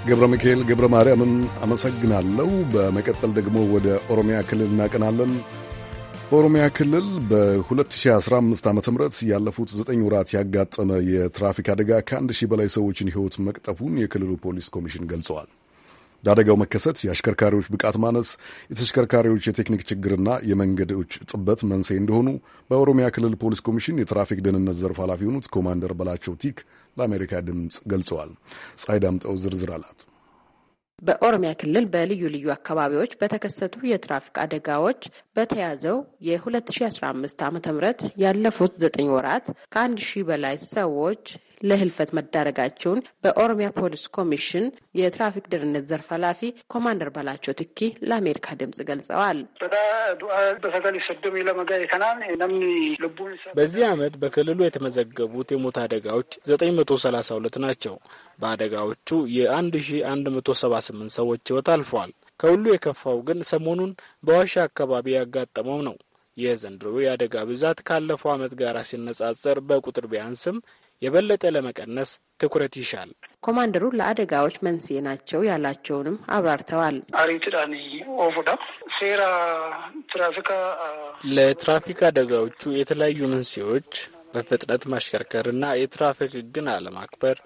ገብረ ሚካኤል ገብረ ማርያምን አመሰግናለሁ። በመቀጠል ደግሞ ወደ ኦሮሚያ ክልል እናቀናለን። በኦሮሚያ ክልል በ2015 ዓ ም ያለፉት ዘጠኝ ወራት ያጋጠመ የትራፊክ አደጋ ከአንድ ሺህ በላይ ሰዎችን ሕይወት መቅጠፉን የክልሉ ፖሊስ ኮሚሽን ገልጸዋል። ለአደጋው መከሰት የአሽከርካሪዎች ብቃት ማነስ፣ የተሽከርካሪዎች የቴክኒክ ችግርና የመንገዶች ጥበት መንስኤ እንደሆኑ በኦሮሚያ ክልል ፖሊስ ኮሚሽን የትራፊክ ደህንነት ዘርፍ ኃላፊ የሆኑት ኮማንደር በላቸው ቲክ ለአሜሪካ ድምፅ ገልጸዋል። ፀሐይ ዳምጠው ዝርዝር አላት። በኦሮሚያ ክልል በልዩ ልዩ አካባቢዎች በተከሰቱ የትራፊክ አደጋዎች በተያዘው የ2015 ዓ ም ያለፉት ዘጠኝ ወራት ከአንድ ሺህ በላይ ሰዎች ለህልፈት መዳረጋቸውን በኦሮሚያ ፖሊስ ኮሚሽን የትራፊክ ደህንነት ዘርፍ ኃላፊ ኮማንደር በላቸው ትኪ ለአሜሪካ ድምጽ ገልጸዋል። በዚህ ዓመት በክልሉ የተመዘገቡት የሞት አደጋዎች 932 ናቸው። በአደጋዎቹ የ1178 ሰዎች ህይወት አልፏል። ከሁሉ የከፋው ግን ሰሞኑን በዋሻ አካባቢ ያጋጠመው ነው። የዘንድሮ የአደጋ ብዛት ካለፈው ዓመት ጋር ሲነጻጸር በቁጥር ቢያንስም የበለጠ ለመቀነስ ትኩረት ይሻል። ኮማንደሩ ለአደጋዎች መንስኤ ናቸው ያላቸውንም አብራርተዋል። ለትራፊክ አደጋዎቹ የተለያዩ መንስኤዎች በፍጥነት ማሽከርከር እና የትራፊክ ሕግን አለማክበር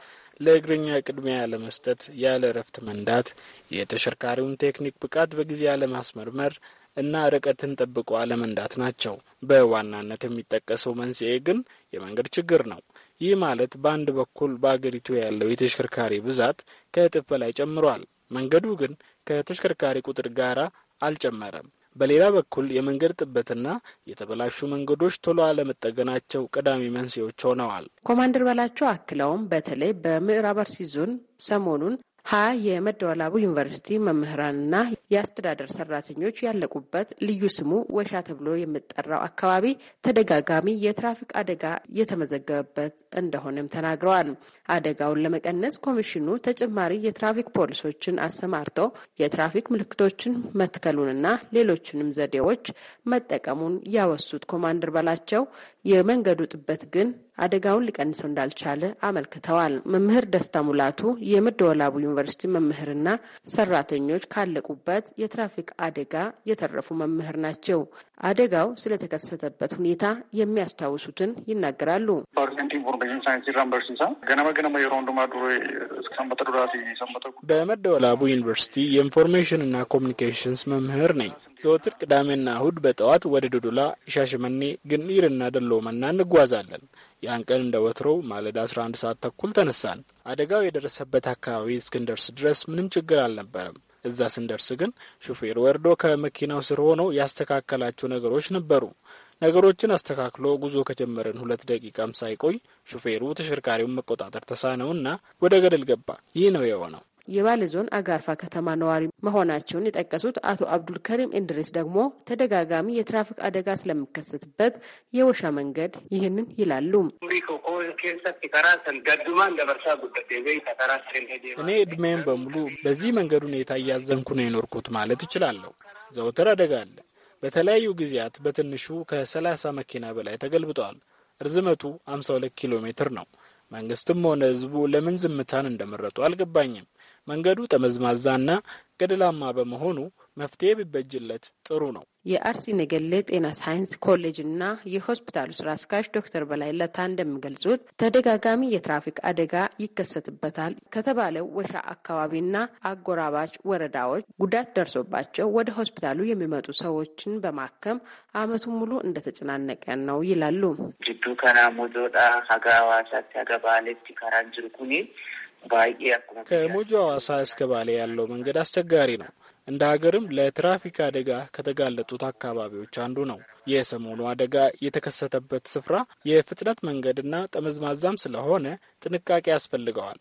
ለእግረኛ ቅድሚያ ያለመስጠት፣ ያለ እረፍት መንዳት፣ የተሽከርካሪውን ቴክኒክ ብቃት በጊዜ አለማስመርመር እና ርቀትን ጠብቆ አለመንዳት ናቸው። በዋናነት የሚጠቀሰው መንስኤ ግን የመንገድ ችግር ነው። ይህ ማለት በአንድ በኩል በአገሪቱ ያለው የተሽከርካሪ ብዛት ከእጥፍ በላይ ጨምሯል። መንገዱ ግን ከተሽከርካሪ ቁጥር ጋር አልጨመረም። በሌላ በኩል የመንገድ ጥበትና የተበላሹ መንገዶች ቶሎ አለመጠገናቸው ቀዳሚ መንስኤዎች ሆነዋል። ኮማንደር በላቸው አክለውም በተለይ በምዕራብ አርሲ ዞን ሰሞኑን ሀያ የመደወላቡ ዩኒቨርሲቲ መምህራንና የአስተዳደር ሰራተኞች ያለቁበት ልዩ ስሙ ወሻ ተብሎ የሚጠራው አካባቢ ተደጋጋሚ የትራፊክ አደጋ የተመዘገበበት እንደሆነም ተናግረዋል። አደጋውን ለመቀነስ ኮሚሽኑ ተጨማሪ የትራፊክ ፖሊሶችን አሰማርተው የትራፊክ ምልክቶችን መትከሉንና ሌሎችንም ዘዴዎች መጠቀሙን ያወሱት ኮማንደር በላቸው የመንገዱ ጥበት ግን አደጋውን ሊቀንሰው እንዳልቻለ አመልክተዋል። መምህር ደስታ ሙላቱ የመደወላቡ ዩኒቨርሲቲ መምህርና ሰራተኞች ካለቁበት የትራፊክ አደጋ የተረፉ መምህር ናቸው። አደጋው ስለተከሰተበት ሁኔታ የሚያስታውሱትን ይናገራሉ። በመደወላቡ ዩኒቨርሲቲ የኢንፎርሜሽንና ኮሚኒኬሽንስ መምህር ነኝ። ዘወትር ቅዳሜና እሁድ በጠዋት ወደ ዶዶላ፣ ሻሸመኔ፣ ግንኢርና ደሎመና እንጓዛለን። ያን ቀን እንደ ወትሮው ማለዳ 11 ሰዓት ተኩል ተነሳን። አደጋው የደረሰበት አካባቢ እስክንደርስ ድረስ ምንም ችግር አልነበረም። እዛ ስንደርስ ግን ሹፌር ወርዶ ከመኪናው ስር ሆኖ ያስተካከላቸው ነገሮች ነበሩ። ነገሮችን አስተካክሎ ጉዞ ከጀመረን ሁለት ደቂቃም ሳይቆይ ሹፌሩ ተሽከርካሪውን መቆጣጠር ተሳነውና ወደ ገደል ገባ። ይህ ነው የሆነው። የባሌ ዞን አጋርፋ ከተማ ነዋሪ መሆናቸውን የጠቀሱት አቶ አብዱልከሪም እንድሬስ ደግሞ ተደጋጋሚ የትራፊክ አደጋ ስለሚከሰትበት የወሻ መንገድ ይህንን ይላሉ። እኔ እድሜን በሙሉ በዚህ መንገድ ሁኔታ እያዘንኩ ነው የኖርኩት ማለት እችላለሁ። ዘውትር አደጋ አለ። በተለያዩ ጊዜያት በትንሹ ከሰላሳ መኪና በላይ ተገልብጠዋል። ርዝመቱ 52 ኪሎ ሜትር ነው። መንግስትም ሆነ ህዝቡ ለምን ዝምታን እንደመረጡ አልገባኝም። መንገዱ ጠመዝማዛና ገደላማ በመሆኑ መፍትሄ ቢበጅለት ጥሩ ነው። የአርሲ ነገሌ ጤና ሳይንስ ኮሌጅ እና የሆስፒታሉ ስራ አስኪያጅ ዶክተር በላይ ለታ እንደሚገልጹት ተደጋጋሚ የትራፊክ አደጋ ይከሰትበታል ከተባለው ወሻ አካባቢና አጎራባች ወረዳዎች ጉዳት ደርሶባቸው ወደ ሆስፒታሉ የሚመጡ ሰዎችን በማከም አመቱ ሙሉ እንደተጨናነቀ ነው ይላሉ። ጅዱ ከናሞጆዳ ሀጋዋሳት ሀገባሌት ከራንጅርኩኒ ከሞጆ አዋሳ እስከ ባሌ ያለው መንገድ አስቸጋሪ ነው። እንደ ሀገርም ለትራፊክ አደጋ ከተጋለጡት አካባቢዎች አንዱ ነው። የሰሞኑ አደጋ የተከሰተበት ስፍራ የፍጥነት መንገድና ጠመዝማዛም ስለሆነ ጥንቃቄ ያስፈልገዋል።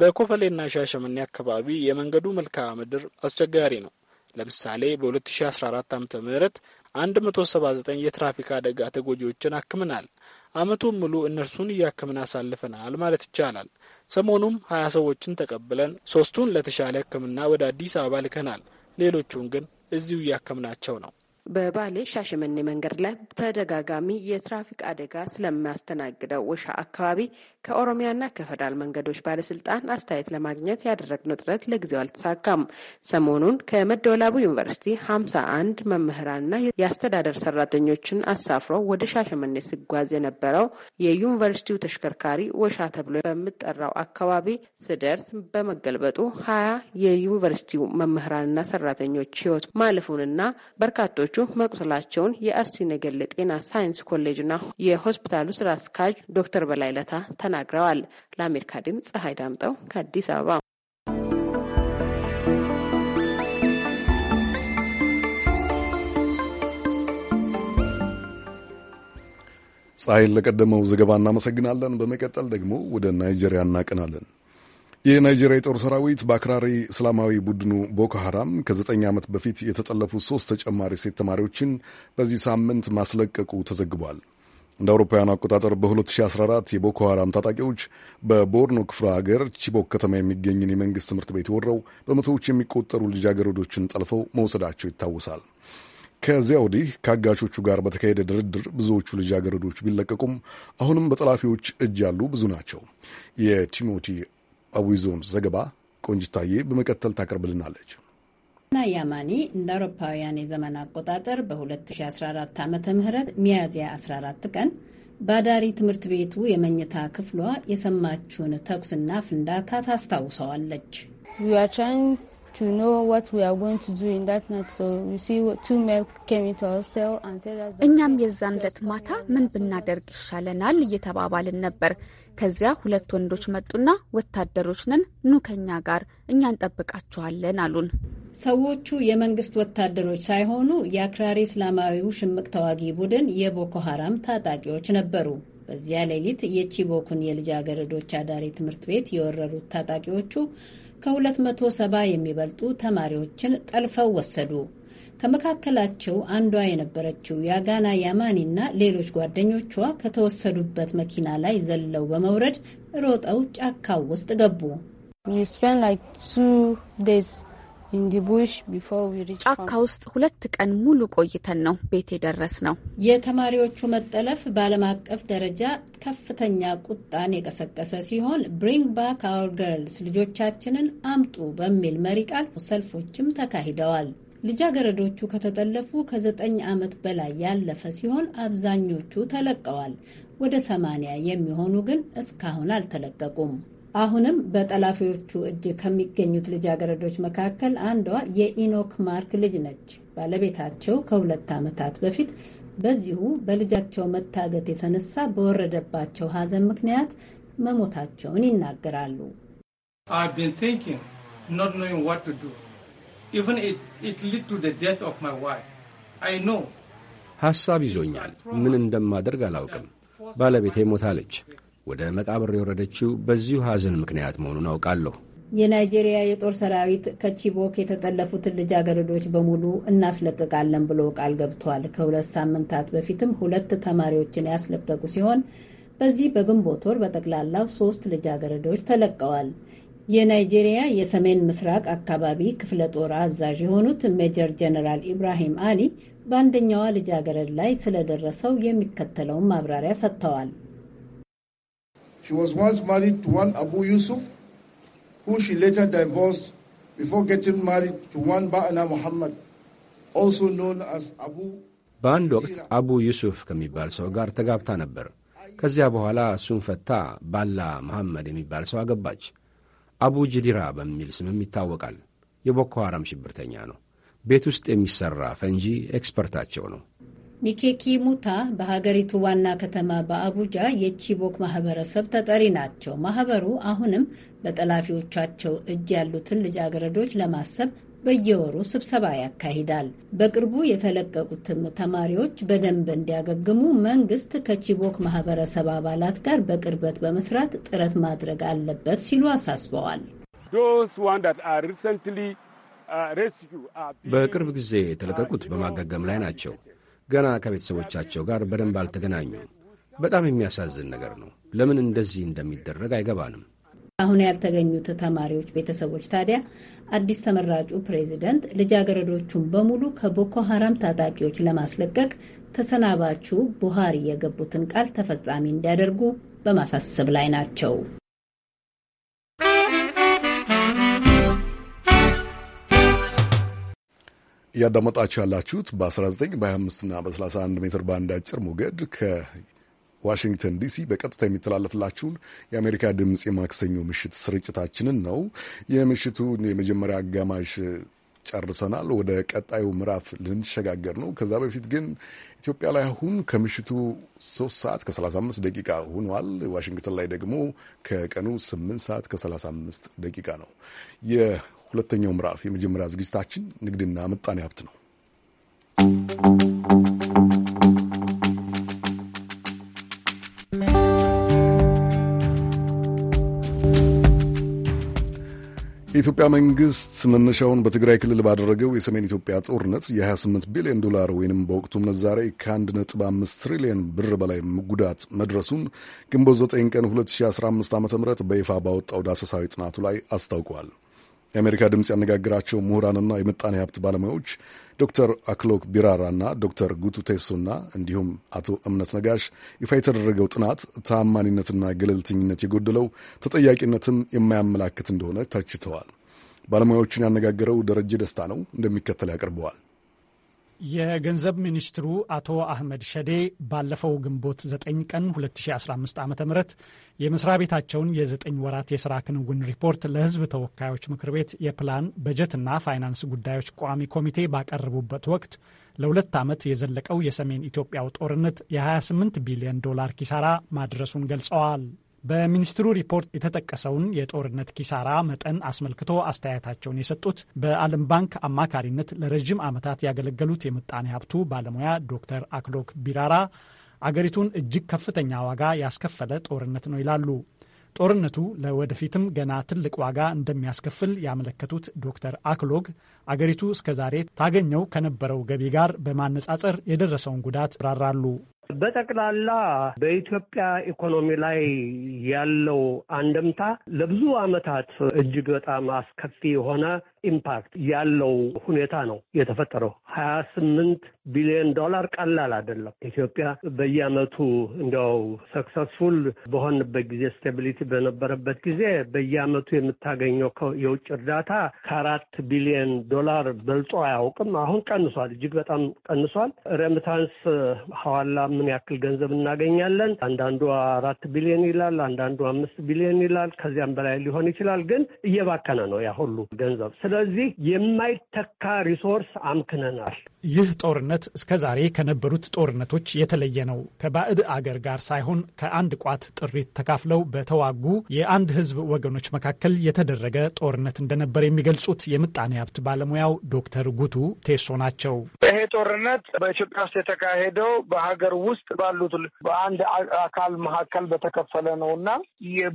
በኮፈሌና ሻሸመኔ አካባቢ የመንገዱ መልክዓ ምድር አስቸጋሪ ነው። ለምሳሌ በ2014 ዓ ም 179 የትራፊክ አደጋ ተጎጂዎችን አክምናል። አመቱን ሙሉ እነርሱን እያክምን አሳልፈናል ማለት ይቻላል። ሰሞኑም ሀያ ሰዎችን ተቀብለን ሶስቱን ለተሻለ ሕክምና ወደ አዲስ አበባ ልከናል። ሌሎቹን ግን እዚሁ እያከምናቸው ነው። በባሌ ሻሸመኔ መንገድ ላይ ተደጋጋሚ የትራፊክ አደጋ ስለሚያስተናግደው ውሻ አካባቢ ከኦሮሚያና ከፌዴራል መንገዶች ባለስልጣን አስተያየት ለማግኘት ያደረግነው ጥረት ለጊዜው አልተሳካም። ሰሞኑን ከመደወላቡ ዩኒቨርሲቲ ሀምሳ አንድ መምህራንና የአስተዳደር ሰራተኞችን አሳፍሮ ወደ ሻሸመኔ ሲጓዝ የነበረው የዩኒቨርሲቲው ተሽከርካሪ ወሻ ተብሎ በሚጠራው አካባቢ ስደርስ በመገልበጡ ሀያ የዩኒቨርሲቲው መምህራንና ሰራተኞች ህይወት ማለፉንና በርካቶቹ መቁሰላቸውን የአርሲ ነገሌ ጤና ሳይንስ ኮሌጅና የሆስፒታሉ ስራ አስኪያጅ ዶክተር በላይለታ ተናግረዋል። ለአሜሪካ ድምፅ ፀሐይ ዳምጠው ከአዲስ አበባ። ፀሐይን ለቀደመው ዘገባ እናመሰግናለን። በመቀጠል ደግሞ ወደ ናይጄሪያ እናቀናለን። የናይጄሪያ የጦር ሰራዊት በአክራሪ እስላማዊ ቡድኑ ቦኮ ሐራም ከዘጠኝ ዓመት በፊት የተጠለፉ ሦስት ተጨማሪ ሴት ተማሪዎችን በዚህ ሳምንት ማስለቀቁ ተዘግቧል። እንደ አውሮፓውያኑ አቆጣጠር በ2014 የቦኮ ሐራም ታጣቂዎች በቦርኖ ክፍለ ሀገር ቺቦክ ከተማ የሚገኝን የመንግሥት ትምህርት ቤት ወረው በመቶዎች የሚቆጠሩ ልጃገረዶችን ጠልፈው መውሰዳቸው ይታወሳል። ከዚያ ወዲህ ከአጋቾቹ ጋር በተካሄደ ድርድር ብዙዎቹ ልጃገረዶች ቢለቀቁም አሁንም በጠላፊዎች እጅ ያሉ ብዙ ናቸው። የቲሞቲ ዞን ዘገባ ቆንጅታዬ በመቀጠል ታቀርብልናለች። ና ያማኒ እንደ አውሮፓውያን የዘመን አቆጣጠር በ2014 ዓ ም ሚያዝያ 14 ቀን ባዳሪ ትምህርት ቤቱ የመኝታ ክፍሏ የሰማችውን ተኩስና ፍንዳታ ታስታውሰዋለች። እኛም የዛን ዕለት ማታ ምን ብናደርግ ይሻለናል እየተባባልን ነበር። ከዚያ ሁለት ወንዶች መጡና ወታደሮች ነን፣ ኑ ከኛ ጋር እኛ እንጠብቃችኋለን አሉን። ሰዎቹ የመንግስት ወታደሮች ሳይሆኑ የአክራሪ እስላማዊው ሽምቅ ተዋጊ ቡድን የቦኮ ሀራም ታጣቂዎች ነበሩ። በዚያ ሌሊት የቺቦኩን የልጃገረዶች አዳሪ ትምህርት ቤት የወረሩት ታጣቂዎቹ ከ270 የሚበልጡ ተማሪዎችን ጠልፈው ወሰዱ። ከመካከላቸው አንዷ የነበረችው የአጋና ያማኒ እና ሌሎች ጓደኞቿ ከተወሰዱበት መኪና ላይ ዘለው በመውረድ ሮጠው ጫካው ውስጥ ገቡ። ጫካ ውስጥ ሁለት ቀን ሙሉ ቆይተን ነው ቤት የደረስ ነው። የተማሪዎቹ መጠለፍ በዓለም አቀፍ ደረጃ ከፍተኛ ቁጣን የቀሰቀሰ ሲሆን ብሪንግ ባክ አወር ገርልስ ልጆቻችንን አምጡ በሚል መሪ ቃል ሰልፎችም ተካሂደዋል። ልጃገረዶቹ ከተጠለፉ ከዘጠኝ ዓመት በላይ ያለፈ ሲሆን አብዛኞቹ ተለቀዋል። ወደ ሰማንያ የሚሆኑ ግን እስካሁን አልተለቀቁም። አሁንም በጠላፊዎቹ እጅ ከሚገኙት ልጃገረዶች መካከል አንዷ የኢኖክ ማርክ ልጅ ነች። ባለቤታቸው ከሁለት ዓመታት በፊት በዚሁ በልጃቸው መታገት የተነሳ በወረደባቸው ሐዘን ምክንያት መሞታቸውን ይናገራሉ። even it, it lead to the death of my wife. I know. ሐሳብ ይዞኛል። ምን እንደማደርግ አላውቅም። ባለቤቴ ሞታለች። ወደ መቃብር የወረደችው በዚሁ ሐዘን ምክንያት መሆኑን አውቃለሁ። የናይጄሪያ የጦር ሰራዊት ከቺቦክ የተጠለፉትን ልጃገረዶች በሙሉ እናስለቅቃለን ብሎ ቃል ገብቷል። ከሁለት ሳምንታት በፊትም ሁለት ተማሪዎችን ያስለቀቁ ሲሆን በዚህ በግንቦት ወር በጠቅላላው ሶስት ልጃገረዶች ተለቀዋል። የናይጄሪያ የሰሜን ምስራቅ አካባቢ ክፍለ ጦር አዛዥ የሆኑት ሜጀር ጀነራል ኢብራሂም አሊ በአንደኛዋ ልጃገረድ ላይ ስለደረሰው የሚከተለውን ማብራሪያ ሰጥተዋል። በአንድ ወቅት አቡ ዩሱፍ ከሚባል ሰው ጋር ተጋብታ ነበር። ከዚያ በኋላ እሱን ፈታ ባላ መሐመድ የሚባል ሰው አገባች። አቡ ጅዲራ በሚል ስምም ይታወቃል። የቦኮ ሐራም ሽብርተኛ ነው። ቤት ውስጥ የሚሠራ ፈንጂ ኤክስፐርታቸው ነው። ኒኬኪ ሙታ በሀገሪቱ ዋና ከተማ በአቡጃ የቺቦክ ማህበረሰብ ተጠሪ ናቸው። ማህበሩ አሁንም በጠላፊዎቻቸው እጅ ያሉትን ልጃገረዶች ለማሰብ በየወሩ ስብሰባ ያካሂዳል። በቅርቡ የተለቀቁትም ተማሪዎች በደንብ እንዲያገግሙ መንግስት ከቺቦክ ማህበረሰብ አባላት ጋር በቅርበት በመስራት ጥረት ማድረግ አለበት ሲሉ አሳስበዋል። uh, በቅርብ ጊዜ የተለቀቁት በማገገም ላይ ናቸው። ገና ከቤተሰቦቻቸው ጋር በደንብ አልተገናኙም። በጣም የሚያሳዝን ነገር ነው። ለምን እንደዚህ እንደሚደረግ አይገባንም። አሁን ያልተገኙት ተማሪዎች ቤተሰቦች ታዲያ አዲስ ተመራጩ ፕሬዚደንት ልጃገረዶቹን በሙሉ ከቦኮ ሀራም ታጣቂዎች ለማስለቀቅ ተሰናባቹ ቡሃሪ የገቡትን ቃል ተፈጻሚ እንዲያደርጉ በማሳሰብ ላይ ናቸው። እያዳመጣችሁ ያላችሁት በ19 በ25ና በ31 ሜትር ባንድ አጭር ሞገድ ዋሽንግተን ዲሲ በቀጥታ የሚተላለፍላችሁን የአሜሪካ ድምፅ የማክሰኞ ምሽት ስርጭታችንን ነው። የምሽቱን የመጀመሪያ አጋማሽ ጨርሰናል። ወደ ቀጣዩ ምዕራፍ ልንሸጋገር ነው። ከዛ በፊት ግን ኢትዮጵያ ላይ አሁን ከምሽቱ ሶስት ሰዓት ከ35 ደቂቃ ሆኗል። ዋሽንግተን ላይ ደግሞ ከቀኑ 8 ሰዓት ከ35 ደቂቃ ነው። የሁለተኛው ምዕራፍ የመጀመሪያ ዝግጅታችን ንግድና ምጣኔ ሀብት ነው። የኢትዮጵያ መንግስት መነሻውን በትግራይ ክልል ባደረገው የሰሜን ኢትዮጵያ ጦርነት የ28 ቢሊዮን ዶላር ወይንም በወቅቱ ምንዛሬ ከ1.5 ትሪሊዮን ብር በላይ ጉዳት መድረሱን ግንቦት 9 ቀን 2015 ዓ ም በይፋ ባወጣው ዳሰሳዊ ጥናቱ ላይ አስታውቋል። የአሜሪካ ድምፅ ያነጋግራቸው ምሁራንና የምጣኔ ሀብት ባለሙያዎች ዶክተር አክሎክ ቢራራና ዶክተር ጉቱቴሶና እንዲሁም አቶ እምነት ነጋሽ ይፋ የተደረገው ጥናት ተአማኒነትና ገለልተኝነት የጎደለው ተጠያቂነትም የማያመላክት እንደሆነ ተችተዋል። ባለሙያዎቹን ያነጋገረው ደረጀ ደስታ ነው፣ እንደሚከተል ያቀርበዋል። የገንዘብ ሚኒስትሩ አቶ አህመድ ሸዴ ባለፈው ግንቦት 9 ቀን 2015 ዓ ም የመስሪያ ቤታቸውን የዘጠኝ ወራት የስራ ክንውን ሪፖርት ለሕዝብ ተወካዮች ምክር ቤት የፕላን በጀትና ፋይናንስ ጉዳዮች ቋሚ ኮሚቴ ባቀረቡበት ወቅት ለሁለት ዓመት የዘለቀው የሰሜን ኢትዮጵያው ጦርነት የ28 ቢሊዮን ዶላር ኪሳራ ማድረሱን ገልጸዋል። በሚኒስትሩ ሪፖርት የተጠቀሰውን የጦርነት ኪሳራ መጠን አስመልክቶ አስተያየታቸውን የሰጡት በዓለም ባንክ አማካሪነት ለረዥም ዓመታት ያገለገሉት የምጣኔ ሀብቱ ባለሙያ ዶክተር አክሎክ ቢራራ አገሪቱን እጅግ ከፍተኛ ዋጋ ያስከፈለ ጦርነት ነው ይላሉ። ጦርነቱ ለወደፊትም ገና ትልቅ ዋጋ እንደሚያስከፍል ያመለከቱት ዶክተር አክሎግ አገሪቱ እስከዛሬ ታገኘው ከነበረው ገቢ ጋር በማነጻጸር የደረሰውን ጉዳት ራራሉ። በጠቅላላ በኢትዮጵያ ኢኮኖሚ ላይ ያለው አንድምታ ለብዙ ዓመታት እጅግ በጣም አስከፊ የሆነ ኢምፓክት ያለው ሁኔታ ነው የተፈጠረው። ሀያ ስምንት ቢሊዮን ዶላር ቀላል አይደለም። ኢትዮጵያ በየአመቱ እንደው ሰክሰስፉል በሆንበት ጊዜ ስቴቢሊቲ በነበረበት ጊዜ በየአመቱ የምታገኘው የውጭ እርዳታ ከአራት ቢሊዮን ዶላር በልጦ አያውቅም። አሁን ቀንሷል፣ እጅግ በጣም ቀንሷል። ረምታንስ ሀዋላ ምን ያክል ገንዘብ እናገኛለን? አንዳንዱ አራት ቢሊዮን ይላል፣ አንዳንዱ አምስት ቢሊዮን ይላል። ከዚያም በላይ ሊሆን ይችላል። ግን እየባከነ ነው ያ ሁሉ ገንዘብ ስለዚህ የማይተካ ሪሶርስ አምክነናል። ይህ ጦርነት እስከ ዛሬ ከነበሩት ጦርነቶች የተለየ ነው። ከባዕድ አገር ጋር ሳይሆን ከአንድ ቋት ጥሪት ተካፍለው በተዋጉ የአንድ ሕዝብ ወገኖች መካከል የተደረገ ጦርነት እንደነበር የሚገልጹት የምጣኔ ሀብት ባለሙያው ዶክተር ጉቱ ቴሶ ናቸው። ይሄ ጦርነት በኢትዮጵያ ውስጥ የተካሄደው በሀገር ውስጥ ባሉት በአንድ አካል መካከል በተከፈለ ነው እና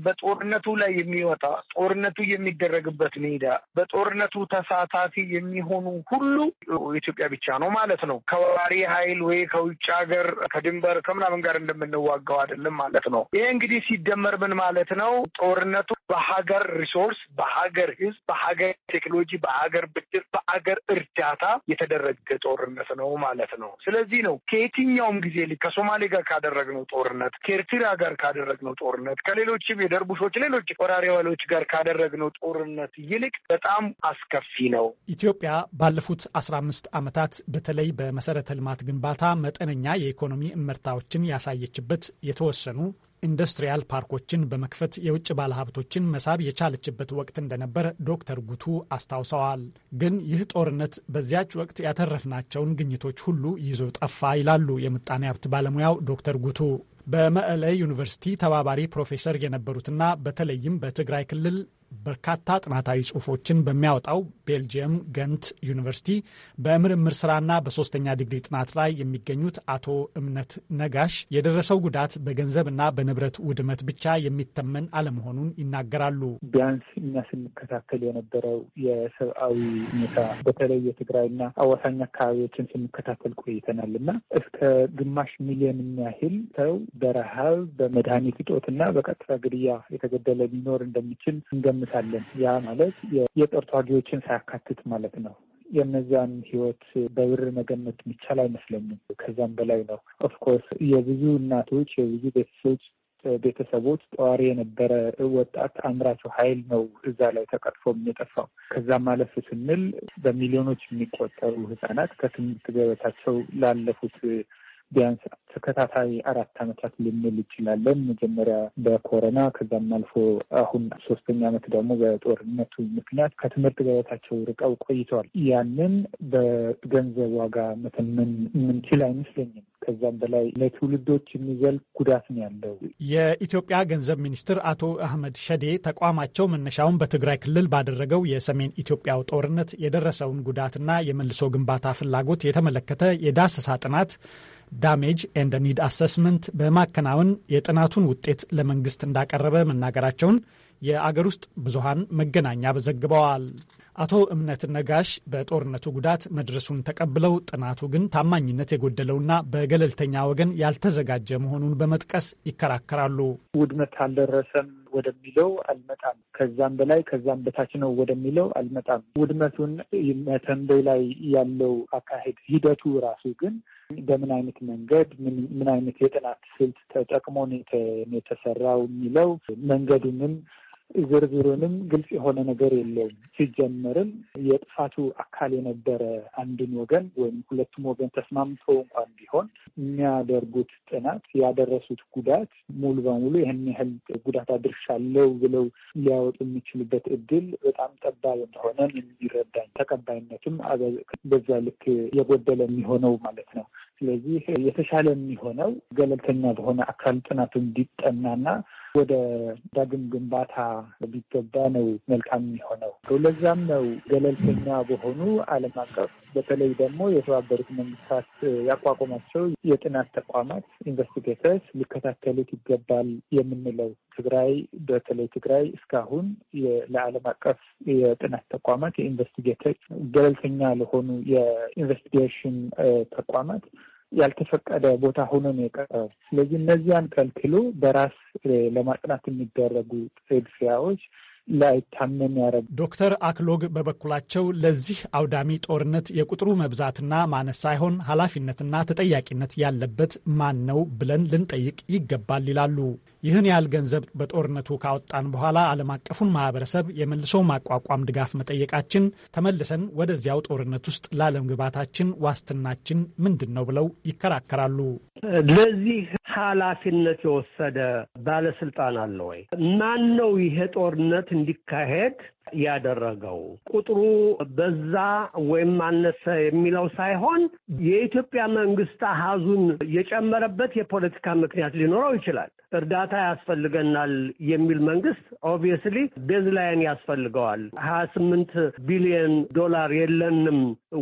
በጦርነቱ ላይ የሚወጣ ጦርነቱ የሚደረግበት ሜዳ በጦርነ በሂደቱ ተሳታፊ የሚሆኑ ሁሉ ኢትዮጵያ ብቻ ነው ማለት ነው። ከወራሪ ኃይል ወይ ከውጭ ሀገር ከድንበር ከምናምን ጋር እንደምንዋጋው አይደለም ማለት ነው። ይሄ እንግዲህ ሲደመር ምን ማለት ነው? ጦርነቱ በሀገር ሪሶርስ፣ በሀገር ህዝብ፣ በሀገር ቴክኖሎጂ፣ በሀገር ብድር፣ በሀገር እርዳታ የተደረገ ጦርነት ነው ማለት ነው። ስለዚህ ነው ከየትኛውም ጊዜ ከሶማሌ ጋር ካደረግነው ጦርነት፣ ከኤርትራ ጋር ካደረግነው ጦርነት፣ ከሌሎችም የደርቡሾች ሌሎች ወራሪ ኃይሎች ጋር ካደረግነው ጦርነት ይልቅ በጣም አስከፊ ነው። ኢትዮጵያ ባለፉት 15 አምስት ዓመታት በተለይ በመሰረተ ልማት ግንባታ መጠነኛ የኢኮኖሚ እመርታዎችን ያሳየችበት የተወሰኑ ኢንዱስትሪያል ፓርኮችን በመክፈት የውጭ ባለሀብቶችን መሳብ የቻለችበት ወቅት እንደነበር ዶክተር ጉቱ አስታውሰዋል። ግን ይህ ጦርነት በዚያች ወቅት ያተረፍናቸውን ግኝቶች ሁሉ ይዞ ጠፋ ይላሉ የምጣኔ ሀብት ባለሙያው ዶክተር ጉቱ። በመቀሌ ዩኒቨርሲቲ ተባባሪ ፕሮፌሰር የነበሩትና በተለይም በትግራይ ክልል በርካታ ጥናታዊ ጽሁፎችን በሚያወጣው ቤልጅየም ገንት ዩኒቨርሲቲ በምርምር ስራና በሶስተኛ ዲግሪ ጥናት ላይ የሚገኙት አቶ እምነት ነጋሽ የደረሰው ጉዳት በገንዘብና በንብረት ውድመት ብቻ የሚተመን አለመሆኑን ይናገራሉ። ቢያንስ እኛ ስንከታተል የነበረው የሰብአዊ ሁኔታ በተለይ የትግራይና አዋሳኝ አካባቢዎችን ስንከታተል ቆይተናል እና እስከ ግማሽ ሚሊዮን የሚያህል ሰው በረሃብ በመድኃኒት እጦትና በቀጥታ ግድያ የተገደለ ሊኖር እንደሚችል እንቀንሳለን። ያ ማለት የጦር ተዋጊዎችን ሳያካትት ማለት ነው። የነዛን ህይወት በብር መገመት የሚቻል አይመስለኝም። ከዛም በላይ ነው። ኦፍኮርስ የብዙ እናቶች የብዙ ቤተሰቦች ቤተሰቦች ጠዋሪ የነበረ ወጣት አምራች ኃይል ነው እዛ ላይ ተቀጥፎ የሚጠፋው። ከዛ ማለፍ ስንል በሚሊዮኖች የሚቆጠሩ ህጻናት ከትምህርት ገበታቸው ላለፉት ቢያንስ ተከታታይ አራት ዓመታት ልንል ይችላለን። መጀመሪያ በኮረና ከዛም አልፎ አሁን ሶስተኛ ዓመት ደግሞ በጦርነቱ ምክንያት ከትምህርት ገበታቸው ርቀው ቆይተዋል። ያንን በገንዘብ ዋጋ መተመን የምንችል አይመስለኝም። ከዛም በላይ ለትውልዶች የሚዘልቅ ጉዳት ነው ያለው። የኢትዮጵያ ገንዘብ ሚኒስትር አቶ አህመድ ሸዴ ተቋማቸው መነሻውን በትግራይ ክልል ባደረገው የሰሜን ኢትዮጵያው ጦርነት የደረሰውን ጉዳትና የመልሶ ግንባታ ፍላጎት የተመለከተ የዳሰሳ ጥናት ዳሜጅ ኤንድ ኒድ አሰስመንት በማከናወን የጥናቱን ውጤት ለመንግስት እንዳቀረበ መናገራቸውን የአገር ውስጥ ብዙሃን መገናኛ ዘግበዋል። አቶ እምነት ነጋሽ በጦርነቱ ጉዳት መድረሱን ተቀብለው ጥናቱ ግን ታማኝነት የጎደለውና በገለልተኛ ወገን ያልተዘጋጀ መሆኑን በመጥቀስ ይከራከራሉ። ውድመት አልደረሰም ወደሚለው አልመጣም፣ ከዛም በላይ ከዛም በታች ነው ወደሚለው አልመጣም። ውድመቱን መተንበይ ላይ ያለው አካሄድ ሂደቱ ራሱ ግን በምን አይነት መንገድ ምን አይነት የጥናት ስልት ተጠቅሞ የተሰራው የሚለው መንገዱንም ዝርዝሩንም ግልጽ የሆነ ነገር የለውም። ሲጀመርም የጥፋቱ አካል የነበረ አንድን ወገን ወይም ሁለቱም ወገን ተስማምተው እንኳን ቢሆን የሚያደርጉት ጥናት ያደረሱት ጉዳት ሙሉ በሙሉ ይህን ያህል ጉዳት አድርሻለሁ ብለው ሊያወጡ የሚችሉበት እድል በጣም ጠባብ እንደሆነ የሚረዳኝ ተቀባይነትም በዛ ልክ የጎደለ የሚሆነው ማለት ነው። ስለዚህ የተሻለ የሚሆነው ገለልተኛ በሆነ አካል ጥናቱ እንዲጠናና ወደ ዳግም ግንባታ ቢገባ ነው መልካም የሚሆነው። ለዛም ነው ገለልተኛ በሆኑ ዓለም አቀፍ በተለይ ደግሞ የተባበሩት መንግስታት ያቋቋማቸው የጥናት ተቋማት ኢንቨስቲጌተርስ ሊከታተሉት ይገባል የምንለው። ትግራይ በተለይ ትግራይ እስካሁን ለዓለም አቀፍ የጥናት ተቋማት የኢንቨስቲጌተር ገለልተኛ ለሆኑ የኢንቨስቲጌሽን ተቋማት ያልተፈቀደ ቦታ ሆኖ ነው የቀረበ። ስለዚህ እነዚያን ከልክሎ በራስ ለማጥናት የሚደረጉ ጥድፊያዎች ላይታመን ያደረጉ። ዶክተር አክሎግ በበኩላቸው ለዚህ አውዳሚ ጦርነት የቁጥሩ መብዛትና ማነስ ሳይሆን ኃላፊነትና ተጠያቂነት ያለበት ማን ነው ብለን ልንጠይቅ ይገባል ይላሉ። ይህን ያህል ገንዘብ በጦርነቱ ካወጣን በኋላ ዓለም አቀፉን ማህበረሰብ የመልሶ ማቋቋም ድጋፍ መጠየቃችን ተመልሰን ወደዚያው ጦርነት ውስጥ ግባታችን ዋስትናችን ምንድን ነው ብለው ይከራከራሉ። ለዚህ ኃላፊነት የወሰደ ባለስልጣን አለ ወይ? ማን ነው ይሄ ጦርነት እንዲካሄድ ያደረገው ቁጥሩ በዛ ወይም አነሰ የሚለው ሳይሆን የኢትዮጵያ መንግስት አሃዙን የጨመረበት የፖለቲካ ምክንያት ሊኖረው ይችላል። እርዳታ ያስፈልገናል የሚል መንግስት ኦብቪየስሊ ቤዝላይን ያስፈልገዋል። ሀያ ስምንት ቢሊየን ዶላር የለንም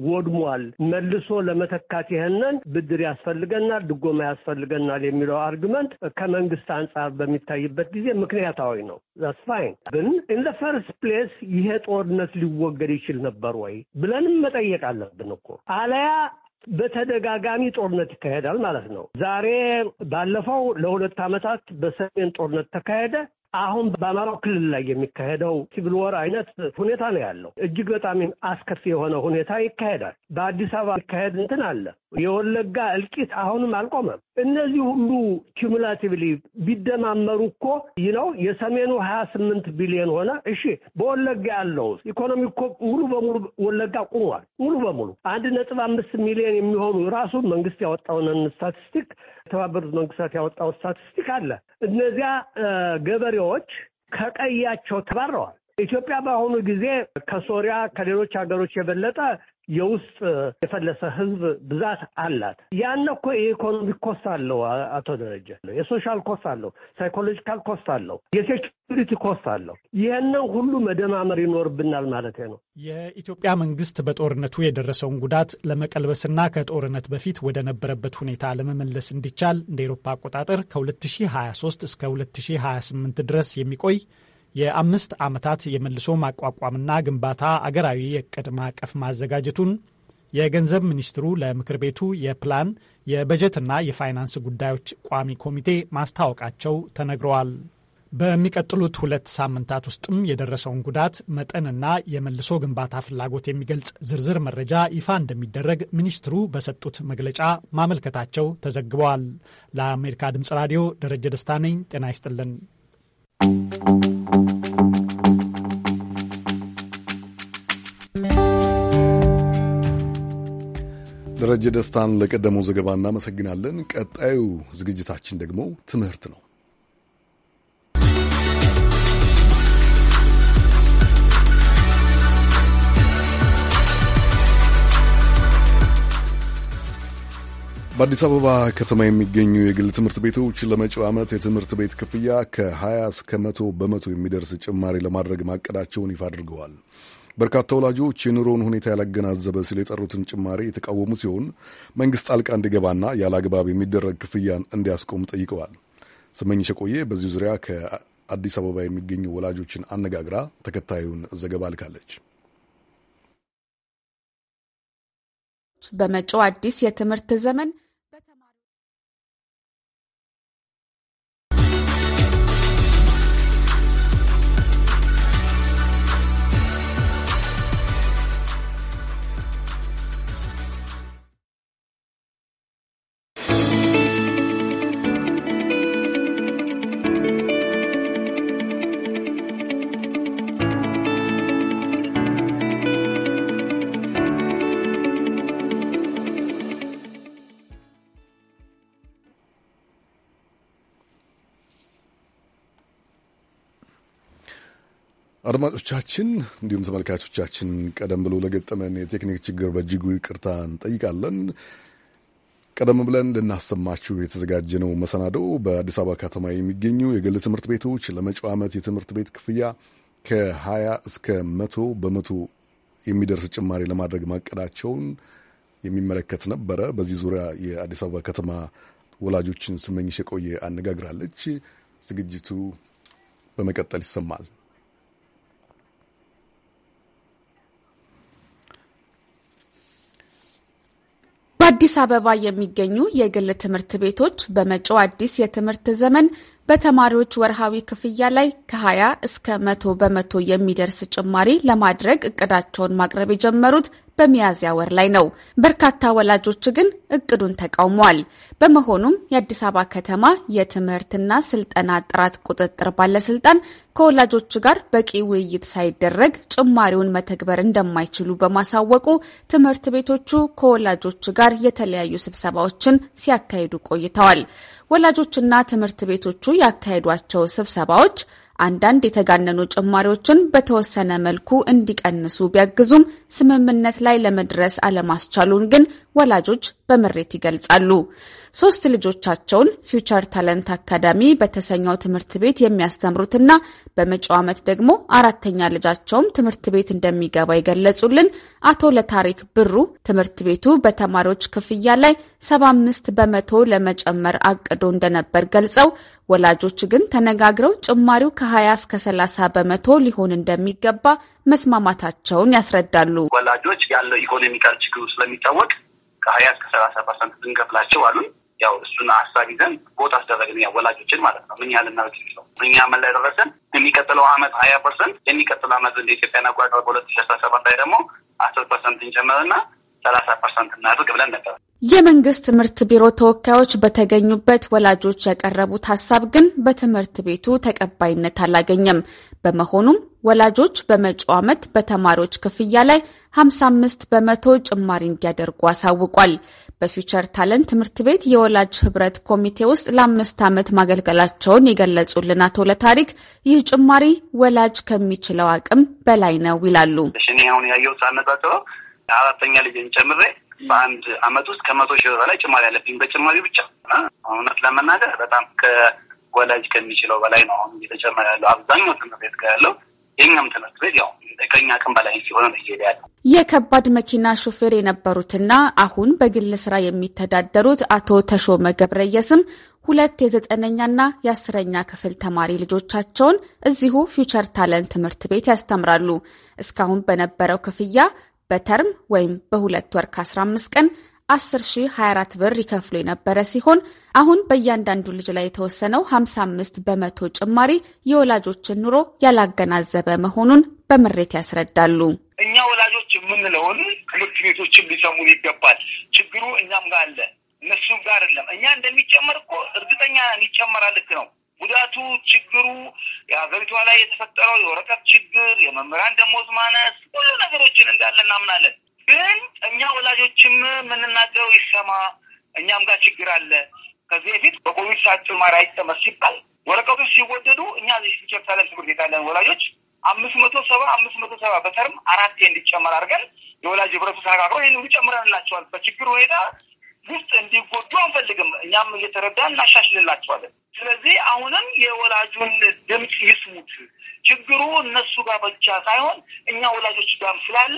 ወድሟል፣ መልሶ ለመተካት ይህንን ብድር ያስፈልገናል፣ ድጎማ ያስፈልገናል የሚለው አርግመንት ከመንግስት አንጻር በሚታይበት ጊዜ ምክንያታዊ ነው። ዛትስ ፋይን ግን ኢን ፈርስት ፕሌስ ይሄ ጦርነት ሊወገድ ይችል ነበር ወይ ብለንም መጠየቅ አለብን እኮ አለያ በተደጋጋሚ ጦርነት ይካሄዳል ማለት ነው። ዛሬ ባለፈው ለሁለት ዓመታት በሰሜን ጦርነት ተካሄደ። አሁን በአማራው ክልል ላይ የሚካሄደው ሲቪል ወር አይነት ሁኔታ ነው ያለው። እጅግ በጣም አስከፊ የሆነ ሁኔታ ይካሄዳል። በአዲስ አበባ ይካሄድ እንትን አለ። የወለጋ እልቂት አሁንም አልቆመም። እነዚህ ሁሉ ኪሙላቲቭሊ ቢደማመሩ እኮ ይነው የሰሜኑ ሀያ ስምንት ቢሊዮን ሆነ። እሺ በወለጋ ያለው ኢኮኖሚ እኮ ሙሉ በሙሉ ወለጋ ቁሟል። ሙሉ በሙሉ አንድ ነጥብ አምስት ሚሊዮን የሚሆኑ ራሱ መንግስት ያወጣውን ስታቲስቲክ የተባበሩት መንግስታት ያወጣው ስታቲስቲክ አለ። እነዚያ ገበሬዎች ከቀያቸው ተባረዋል። ኢትዮጵያ በአሁኑ ጊዜ ከሶሪያ ከሌሎች ሀገሮች የበለጠ የውስጥ የፈለሰ ህዝብ ብዛት አላት። ያነ እኮ የኢኮኖሚ ኮስት አለው አቶ ደረጀ፣ የሶሻል ኮስት አለው፣ ሳይኮሎጂካል ኮስት አለው፣ የሴኪሪቲ ኮስት አለው። ይህንን ሁሉ መደማመር ይኖርብናል ማለት ነው። የኢትዮጵያ መንግስት በጦርነቱ የደረሰውን ጉዳት ለመቀልበስና ከጦርነት በፊት ወደ ነበረበት ሁኔታ ለመመለስ እንዲቻል እንደ ኤሮፓ አቆጣጠር ከ2023 እስከ 2028 ድረስ የሚቆይ የአምስት ዓመታት የመልሶ ማቋቋምና ግንባታ አገራዊ የዕቅድ ማዕቀፍ ማዘጋጀቱን የገንዘብ ሚኒስትሩ ለምክር ቤቱ የፕላን የበጀትና የፋይናንስ ጉዳዮች ቋሚ ኮሚቴ ማስታወቃቸው ተነግረዋል። በሚቀጥሉት ሁለት ሳምንታት ውስጥም የደረሰውን ጉዳት መጠንና የመልሶ ግንባታ ፍላጎት የሚገልጽ ዝርዝር መረጃ ይፋ እንደሚደረግ ሚኒስትሩ በሰጡት መግለጫ ማመልከታቸው ተዘግበዋል። ለአሜሪካ ድምፅ ራዲዮ ደረጀ ደስታ ነኝ። ጤና ይስጥልን። ደረጀ ደስታን ለቀደመው ዘገባ እናመሰግናለን። ቀጣዩ ዝግጅታችን ደግሞ ትምህርት ነው። በአዲስ አበባ ከተማ የሚገኙ የግል ትምህርት ቤቶች ለመጪው ዓመት የትምህርት ቤት ክፍያ ከ20 እስከ መቶ በመቶ የሚደርስ ጭማሪ ለማድረግ ማቀዳቸውን ይፋ አድርገዋል። በርካታ ወላጆች የኑሮውን ሁኔታ ያላገናዘበ ሲሉ የጠሩትን ጭማሪ የተቃወሙ ሲሆን መንግሥት ጣልቃ እንዲገባና ያለ አግባብ የሚደረግ ክፍያን እንዲያስቆም ጠይቀዋል። ስመኝሽ ቆየ በዚሁ ዙሪያ ከአዲስ አበባ የሚገኙ ወላጆችን አነጋግራ ተከታዩን ዘገባ ልካለች። በመጪው አዲስ የትምህርት ዘመን አድማጮቻችን እንዲሁም ተመልካቾቻችን ቀደም ብሎ ለገጠመን የቴክኒክ ችግር በእጅጉ ይቅርታ እንጠይቃለን። ቀደም ብለን ልናሰማችሁ የተዘጋጀ ነው መሰናዶ በአዲስ አበባ ከተማ የሚገኙ የግል ትምህርት ቤቶች ለመጪው ዓመት የትምህርት ቤት ክፍያ ከ20 እስከ መቶ በመቶ የሚደርስ ጭማሪ ለማድረግ ማቀዳቸውን የሚመለከት ነበረ። በዚህ ዙሪያ የአዲስ አበባ ከተማ ወላጆችን ስመኝሽ የቆየ አነጋግራለች። ዝግጅቱ በመቀጠል ይሰማል። በአዲስ አበባ የሚገኙ የግል ትምህርት ቤቶች በመጪው አዲስ የትምህርት ዘመን በተማሪዎች ወርሃዊ ክፍያ ላይ ከ20 እስከ መቶ በመቶ የሚደርስ ጭማሪ ለማድረግ እቅዳቸውን ማቅረብ የጀመሩት በሚያዝያ ወር ላይ ነው። በርካታ ወላጆች ግን እቅዱን ተቃውመዋል። በመሆኑም የአዲስ አበባ ከተማ የትምህርትና ስልጠና ጥራት ቁጥጥር ባለስልጣን ከወላጆች ጋር በቂ ውይይት ሳይደረግ ጭማሪውን መተግበር እንደማይችሉ በማሳወቁ ትምህርት ቤቶቹ ከወላጆች ጋር የተለያዩ ስብሰባዎችን ሲያካሂዱ ቆይተዋል። ወላጆችና ትምህርት ቤቶቹ ያካሄዷቸው ስብሰባዎች አንዳንድ የተጋነኑ ጭማሪዎችን በተወሰነ መልኩ እንዲቀንሱ ቢያግዙም ስምምነት ላይ ለመድረስ አለማስቻሉን ግን ወላጆች በምሬት ይገልጻሉ። ሶስት ልጆቻቸውን ፊውቸር ታለንት አካዳሚ በተሰኘው ትምህርት ቤት የሚያስተምሩትና በመጪው ዓመት ደግሞ አራተኛ ልጃቸውም ትምህርት ቤት እንደሚገባ የገለጹልን አቶ ለታሪክ ብሩ ትምህርት ቤቱ በተማሪዎች ክፍያ ላይ 75 በመቶ ለመጨመር አቅዶ እንደነበር ገልጸው ወላጆች ግን ተነጋግረው ጭማሪው ከ20 እስከ 30 በመቶ ሊሆን እንደሚገባ መስማማታቸውን ያስረዳሉ። ወላጆች ያለው ኢኮኖሚካል ችግሩ ስለሚታወቅ ከሀያ እስከ ሰላሳ ፐርሰንት ብንከፍላቸው አሉን። ያው እሱን አሳቢ ይዘን ቦታ አስደረግን። ያው ወላጆችን ማለት ነው። ምን ያህል እናርግ ነው እኛ ምን ላይ ደረሰን? የሚቀጥለው አመት ሀያ ፐርሰንት የሚቀጥለው አመት እንደ ኢትዮጵያን አቆጣጠር በሁለት ሺ አስራ ሰባት ላይ ደግሞ አስር ፐርሰንት እንጨምርና ሰላሳ ፐርሰንት እናድርግ ብለን ነበር። የመንግስት ትምህርት ቢሮ ተወካዮች በተገኙበት ወላጆች ያቀረቡት ሀሳብ ግን በትምህርት ቤቱ ተቀባይነት አላገኘም። በመሆኑም ወላጆች በመጪው ዓመት በተማሪዎች ክፍያ ላይ 55 በመቶ ጭማሪ እንዲያደርጉ አሳውቋል። በፊውቸር ታለንት ትምህርት ቤት የወላጅ ህብረት ኮሚቴ ውስጥ ለአምስት ዓመት ማገልገላቸውን የገለጹልን አቶ ለታሪክ ይህ ጭማሪ ወላጅ ከሚችለው አቅም በላይ ነው ይላሉ። እኔ አሁን ያየሁት ሳነጻጽረው አራተኛ ልጅን ጨምሬ በአንድ ዓመት ውስጥ ከመቶ ሺህ በላይ ጭማሪ አለብኝ በጭማሪ ብቻ። እውነት ለመናገር በጣም ከወላጅ ከሚችለው በላይ ነው አሁን እየተጨመረ ያለው አብዛኛው ትምህርት ቤት ጋር ያለው የኛም ትምህርት ቤት ያው ከኛ አቅም በላይ ሲሆነ እየሄደ ያለው። የከባድ መኪና ሹፌር የነበሩትና አሁን በግል ስራ የሚተዳደሩት አቶ ተሾመ ገብረየስም ሁለት የዘጠነኛና የአስረኛ ክፍል ተማሪ ልጆቻቸውን እዚሁ ፊውቸር ታለንት ትምህርት ቤት ያስተምራሉ። እስካሁን በነበረው ክፍያ በተርም ወይም በሁለት ወር ከ15 ቀን 10,024 ብር ይከፍሉ የነበረ ሲሆን አሁን በእያንዳንዱ ልጅ ላይ የተወሰነው 55 በመቶ ጭማሪ የወላጆችን ኑሮ ያላገናዘበ መሆኑን በምሬት ያስረዳሉ። እኛ ወላጆች የምንለውን ትምህርት ቤቶችን ሊሰሙን ይገባል። ችግሩ እኛም ጋር አለ፣ እነሱም ጋር አይደለም። እኛ እንደሚጨመር እኮ እርግጠኛ ይጨመራል። ልክ ነው። ጉዳቱ ችግሩ የሀገሪቷ ላይ የተፈጠረው የወረቀት ችግር፣ የመምህራን ደሞዝ ማነስ፣ ሁሉ ነገሮችን እንዳለ እናምናለን። ግን እኛ ወላጆችም የምንናገረው ይሰማ። እኛም ጋር ችግር አለ። ከዚህ በፊት በኮቪድ ሰዓት ጭማሪ አይጠመስ ሲባል ወረቀቶች ሲወደዱ እኛ ሲቸፍታለን ትምህርት ቤታለን ወላጆች አምስት መቶ ሰባ አምስት መቶ ሰባ በተርም አራቴ እንዲጨመር አድርገን የወላጅ ህብረቱ ተነጋግሮ ይህን ሁሉ ጨምረንላቸዋል። በችግር ሁኔታ ውስጥ እንዲጎዱ አንፈልግም። እኛም እየተረዳን እናሻሽልላቸዋለን። ስለዚህ አሁንም የወላጁን ድምፅ ይስሙት። ችግሩ እነሱ ጋር ብቻ ሳይሆን እኛ ወላጆች ጋርም ስላለ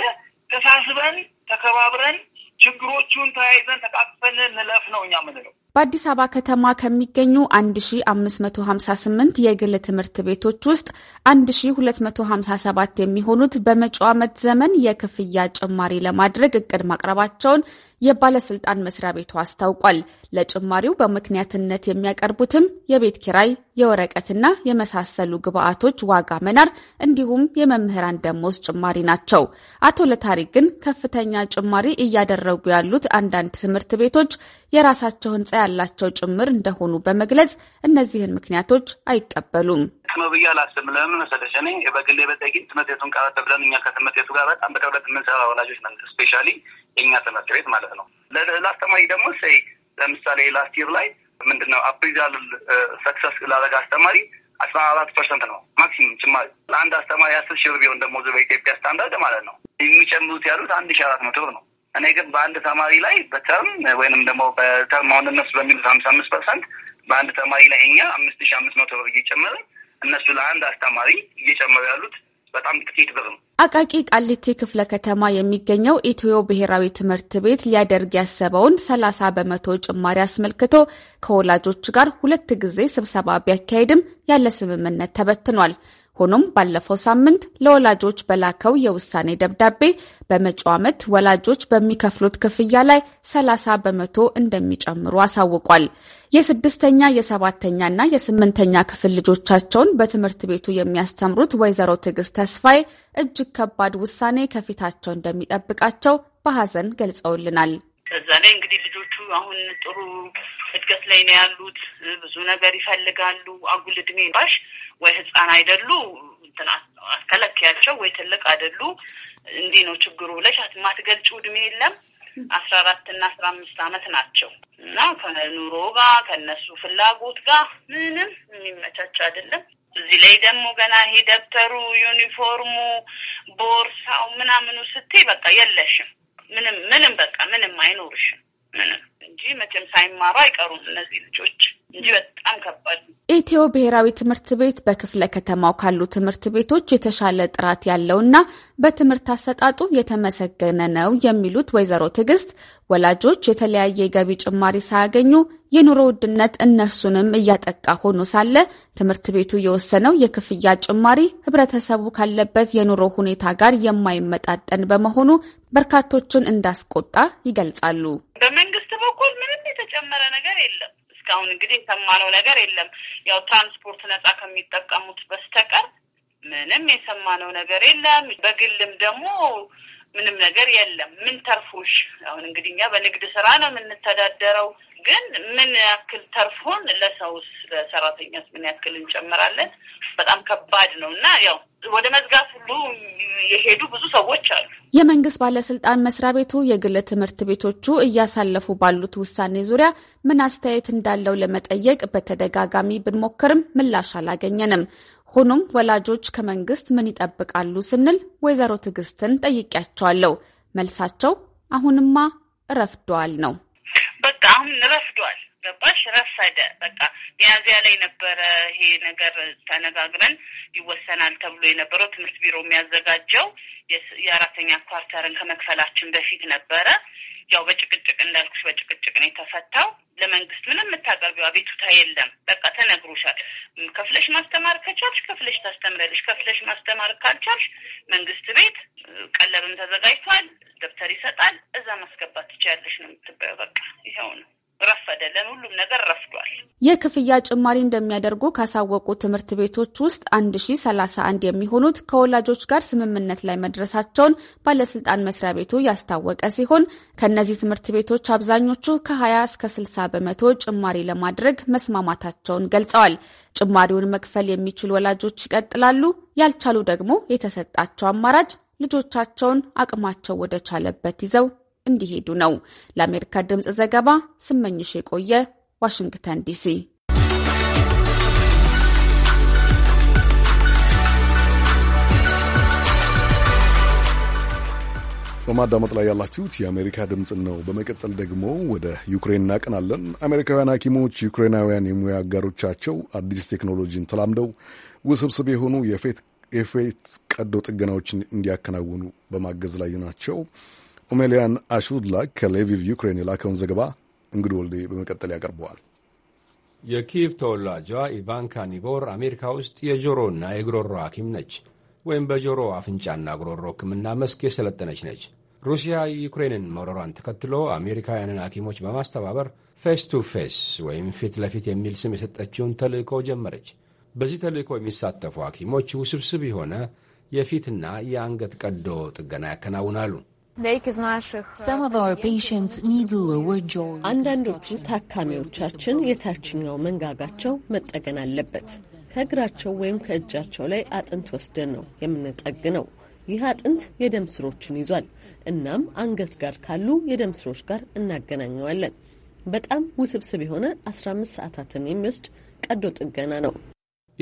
ተሳስበን ተከባብረን ችግሮቹን ተያይዘን ተቃቅፈን ንለፍ ነው እኛ ምንለው። በአዲስ አበባ ከተማ ከሚገኙ 1558 የግል ትምህርት ቤቶች ውስጥ 1257 የሚሆኑት በመጪው ዓመት ዘመን የክፍያ ጭማሪ ለማድረግ እቅድ ማቅረባቸውን የባለስልጣን መስሪያ ቤቱ አስታውቋል። ለጭማሪው በምክንያትነት የሚያቀርቡትም የቤት ኪራይ፣ የወረቀትና የመሳሰሉ ግብአቶች ዋጋ መናር እንዲሁም የመምህራን ደሞዝ ጭማሪ ናቸው። አቶ ለታሪክ ግን ከፍተኛ ጭማሪ እያደረጉ ያሉት አንዳንድ ትምህርት ቤቶች የራሳቸው ህንፃ ያላቸው ጭምር እንደሆኑ በመግለጽ እነዚህን ምክንያቶች አይቀበሉም። ነው ብዬ አላስብም። ለምን መሰለሽ እኔ በግሌ በጠቂ ትምህርት ቤቱን ቃላት ብለን እኛ ከትምህርት ቤቱ ጋር በጣም በቀብለት የምንሰራ ወላጆች ነን ስፔሻሊ የእኛ ትምህርት ቤት ማለት ነው። ለአስተማሪ ደግሞ ሰይ ለምሳሌ ላስት ይር ላይ ምንድነው አፕሪዛል ሰክሰስ ላደረገ አስተማሪ አስራ አራት ፐርሰንት ነው ማክሲሙም ጭማሪ። ለአንድ አስተማሪ አስር ሺህ ብር ቢሆን ደግሞ በኢትዮጵያ ስታንዳርድ ማለት ነው የሚጨምሩት ያሉት አንድ ሺህ አራት መቶ ብር ነው። እኔ ግን በአንድ ተማሪ ላይ በተርም ወይንም ደግሞ በተርም አሁን እነሱ በሚሉት ሀምሳ አምስት ፐርሰንት በአንድ ተማሪ ላይ እኛ አምስት ሺህ አምስት መቶ ብር እየጨመረ እነሱ ለአንድ አስተማሪ እየጨመሩ ያሉት በጣም ጥቂት ብር ነው። አቃቂ ቃሊቲ ክፍለ ከተማ የሚገኘው ኢትዮ ብሔራዊ ትምህርት ቤት ሊያደርግ ያሰበውን 30 በመቶ ጭማሪ አስመልክቶ ከወላጆች ጋር ሁለት ጊዜ ስብሰባ ቢያካሄድም ያለ ስምምነት ተበትኗል። ሆኖም ባለፈው ሳምንት ለወላጆች በላከው የውሳኔ ደብዳቤ በመጪው ዓመት ወላጆች በሚከፍሉት ክፍያ ላይ 30 በመቶ እንደሚጨምሩ አሳውቋል። የስድስተኛ የሰባተኛና የስምንተኛ ክፍል ልጆቻቸውን በትምህርት ቤቱ የሚያስተምሩት ወይዘሮ ትዕግስት ተስፋዬ እጅግ ከባድ ውሳኔ ከፊታቸው እንደሚጠብቃቸው በሐዘን ገልጸውልናል። ከዛ ላይ እንግዲህ ልጆቹ አሁን ጥሩ እድገት ላይ ነው ያሉት። ብዙ ነገር ይፈልጋሉ። አጉል እድሜ ባሽ ወይ ህፃን አይደሉ አስከለክያቸው ወይ ትልቅ አይደሉ እንዲህ ነው ችግሩ ብለሽ ማትገልጪው እድሜ የለም። አስራ አራት እና አስራ አምስት አመት ናቸው እና ከኑሮ ጋር ከነሱ ፍላጎት ጋር ምንም የሚመቻች አይደለም። እዚህ ላይ ደግሞ ገና ይሄ ደብተሩ፣ ዩኒፎርሙ፣ ቦርሳው ምናምኑ ስትይ በቃ የለሽም ምንም ምንም በቃ ምንም አይኖርሽም። እንጂ መቼም ሳይማሩ አይቀሩም እነዚህ ልጆች እንጂ በጣም ከባድ። ኢትዮ ብሔራዊ ትምህርት ቤት በክፍለ ከተማው ካሉ ትምህርት ቤቶች የተሻለ ጥራት ያለው እና በትምህርት አሰጣጡ የተመሰገነ ነው የሚሉት ወይዘሮ ትዕግስት ወላጆች የተለያየ የገቢ ጭማሪ ሳያገኙ የኑሮ ውድነት እነርሱንም እያጠቃ ሆኖ ሳለ ትምህርት ቤቱ የወሰነው የክፍያ ጭማሪ ህብረተሰቡ ካለበት የኑሮ ሁኔታ ጋር የማይመጣጠን በመሆኑ በርካቶችን እንዳስቆጣ ይገልጻሉ። ነገር የለም። እስካሁን እንግዲህ የሰማነው ነገር የለም። ያው ትራንስፖርት ነጻ ከሚጠቀሙት በስተቀር ምንም የሰማነው ነገር የለም። በግልም ደግሞ ምንም ነገር የለም። ምን ተርፎሽ? አሁን እንግዲህ እኛ በንግድ ስራ ነው የምንተዳደረው፣ ግን ምን ያክል ተርፎን ለሰውስ ለሰራተኛስ ምን ያክል እንጨምራለን? በጣም ከባድ ነው እና ያው ወደ መዝጋት ሁሉ የሄዱ ብዙ ሰዎች አሉ። የመንግስት ባለስልጣን መስሪያ ቤቱ የግል ትምህርት ቤቶቹ እያሳለፉ ባሉት ውሳኔ ዙሪያ ምን አስተያየት እንዳለው ለመጠየቅ በተደጋጋሚ ብንሞክርም ምላሽ አላገኘንም። ሆኖም ወላጆች ከመንግስት ምን ይጠብቃሉ ስንል ወይዘሮ ትዕግስትን ጠይቄያቸዋለሁ። መልሳቸው አሁንማ እረፍደዋል ነው። በቃ አሁን እረፍዷል ገባሽ ረፈደ። በቃ ሚያዝያ ላይ ነበረ ይሄ ነገር ተነጋግረን ይወሰናል ተብሎ የነበረው ትምህርት ቢሮ የሚያዘጋጀው የአራተኛ ኳርተርን ከመክፈላችን በፊት ነበረ። ያው በጭቅጭቅ እንዳልኩሽ በጭቅጭቅ ነው የተፈታው። ለመንግስት ምንም የምታቀርቢው አቤቱታ የለም። በቃ ተነግሮሻል። ከፍለሽ ማስተማር ከቻልሽ ከፍለሽ ታስተምረልሽ፣ ከፍለሽ ማስተማር ካልቻልሽ መንግስት ቤት ቀለብም ተዘጋጅቷል፣ ደብተር ይሰጣል፣ እዛ ማስገባት ትችያለሽ ነው የምትባየው። በቃ ይኸው ነው። ረፈደ። ሁሉም ነገር ረፍዷል። የክፍያ ጭማሪ እንደሚያደርጉ ካሳወቁ ትምህርት ቤቶች ውስጥ አንድ ሺ ሰላሳ አንድ የሚሆኑት ከወላጆች ጋር ስምምነት ላይ መድረሳቸውን ባለስልጣን መስሪያ ቤቱ ያስታወቀ ሲሆን ከእነዚህ ትምህርት ቤቶች አብዛኞቹ ከ20 እስከ 60 በመቶ ጭማሪ ለማድረግ መስማማታቸውን ገልጸዋል። ጭማሪውን መክፈል የሚችሉ ወላጆች ይቀጥላሉ፣ ያልቻሉ ደግሞ የተሰጣቸው አማራጭ ልጆቻቸውን አቅማቸው ወደ ቻለበት ይዘው እንዲሄዱ ነው። ለአሜሪካ ድምፅ ዘገባ ስመኝሽ የቆየ ዋሽንግተን ዲሲ። በማዳመጥ ላይ ያላችሁት የአሜሪካ ድምፅ ነው። በመቀጠል ደግሞ ወደ ዩክሬን እናቀናለን። አሜሪካውያን ሐኪሞች ዩክሬናውያን የሙያ አጋሮቻቸው አዲስ ቴክኖሎጂን ተላምደው ውስብስብ የሆኑ የፌት ቀዶ ጥገናዎችን እንዲያከናውኑ በማገዝ ላይ ናቸው። ኦሜሊያን አሹድላ ከሌቪቭ ዩክሬን የላከውን ዘገባ እንግዲ ወልዴ በመቀጠል ያቀርበዋል። የኪየቭ ተወላጇ ኢቫንካ ኒቮር አሜሪካ ውስጥ የጆሮና የግሮሮ ሐኪም ነች፣ ወይም በጆሮ አፍንጫና ግሮሮ ሕክምና መስክ የሰለጠነች ነች። ሩሲያ ዩክሬንን መውረሯን ተከትሎ አሜሪካውያንን ሐኪሞች በማስተባበር ፌስ ቱ ፌስ ወይም ፊት ለፊት የሚል ስም የሰጠችውን ተልእኮ ጀመረች። በዚህ ተልእኮ የሚሳተፉ ሐኪሞች ውስብስብ የሆነ የፊትና የአንገት ቀዶ ጥገና ያከናውናሉ። አንዳንዶቹ ታካሚዎቻችን የታችኛው መንጋጋቸው መጠገን አለበት። ከእግራቸው ወይም ከእጃቸው ላይ አጥንት ወስደን ነው የምንጠግነው። ይህ አጥንት የደም ስሮችን ይዟል። እናም አንገት ጋር ካሉ የደም ስሮች ጋር እናገናኘዋለን። በጣም ውስብስብ የሆነ 15 ሰዓታትን የሚወስድ ቀዶ ጥገና ነው።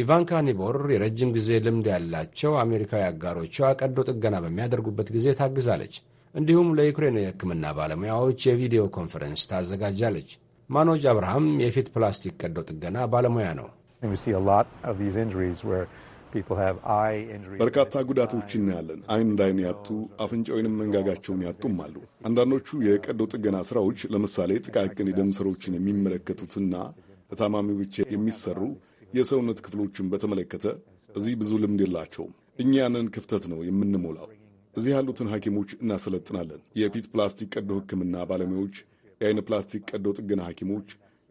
ኢቫንካ ኒቦር የረጅም ጊዜ ልምድ ያላቸው አሜሪካዊ አጋሮቿ ቀዶ ጥገና በሚያደርጉበት ጊዜ ታግዛለች። እንዲሁም ለዩክሬን የሕክምና ባለሙያዎች የቪዲዮ ኮንፈረንስ ታዘጋጃለች። ማኖጅ አብርሃም የፊት ፕላስቲክ ቀዶ ጥገና ባለሙያ ነው። በርካታ ጉዳቶች እናያለን። አይን እንዳይን ያጡ፣ አፍንጫ ወይንም መንጋጋቸውን ያጡም አሉ። አንዳንዶቹ የቀዶ ጥገና ስራዎች ለምሳሌ ጥቃቅን የደም ስሮችን የሚመለከቱትና ለታማሚ ብቻ የሚሰሩ የሰውነት ክፍሎችን በተመለከተ እዚህ ብዙ ልምድ የላቸውም። እኛንን ክፍተት ነው የምንሞላው። እዚህ ያሉትን ሐኪሞች እናሰለጥናለን። የፊት ፕላስቲክ ቀዶ ሕክምና ባለሙያዎች፣ የአይን ፕላስቲክ ቀዶ ጥገና ሐኪሞች፣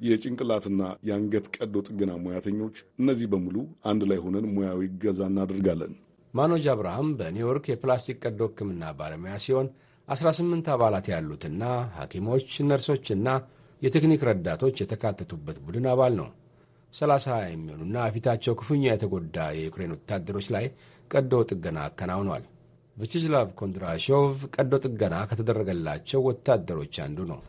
የጭንቅላትና የአንገት ቀዶ ጥገና ሙያተኞች፣ እነዚህ በሙሉ አንድ ላይ ሆነን ሙያዊ እገዛ እናደርጋለን። ማኖጅ አብርሃም በኒውዮርክ የፕላስቲክ ቀዶ ሕክምና ባለሙያ ሲሆን 18 አባላት ያሉትና ሐኪሞች፣ ነርሶችና የቴክኒክ ረዳቶች የተካተቱበት ቡድን አባል ነው። 30 የሚሆኑና ፊታቸው ክፉኛ የተጎዳ የዩክሬን ወታደሮች ላይ ቀዶ ጥገና አከናውኗል። ቪችስላቭ ኮንድራሾቭ ቀዶ ጥገና ከተደረገላቸው ወታደሮች አንዱ ነው።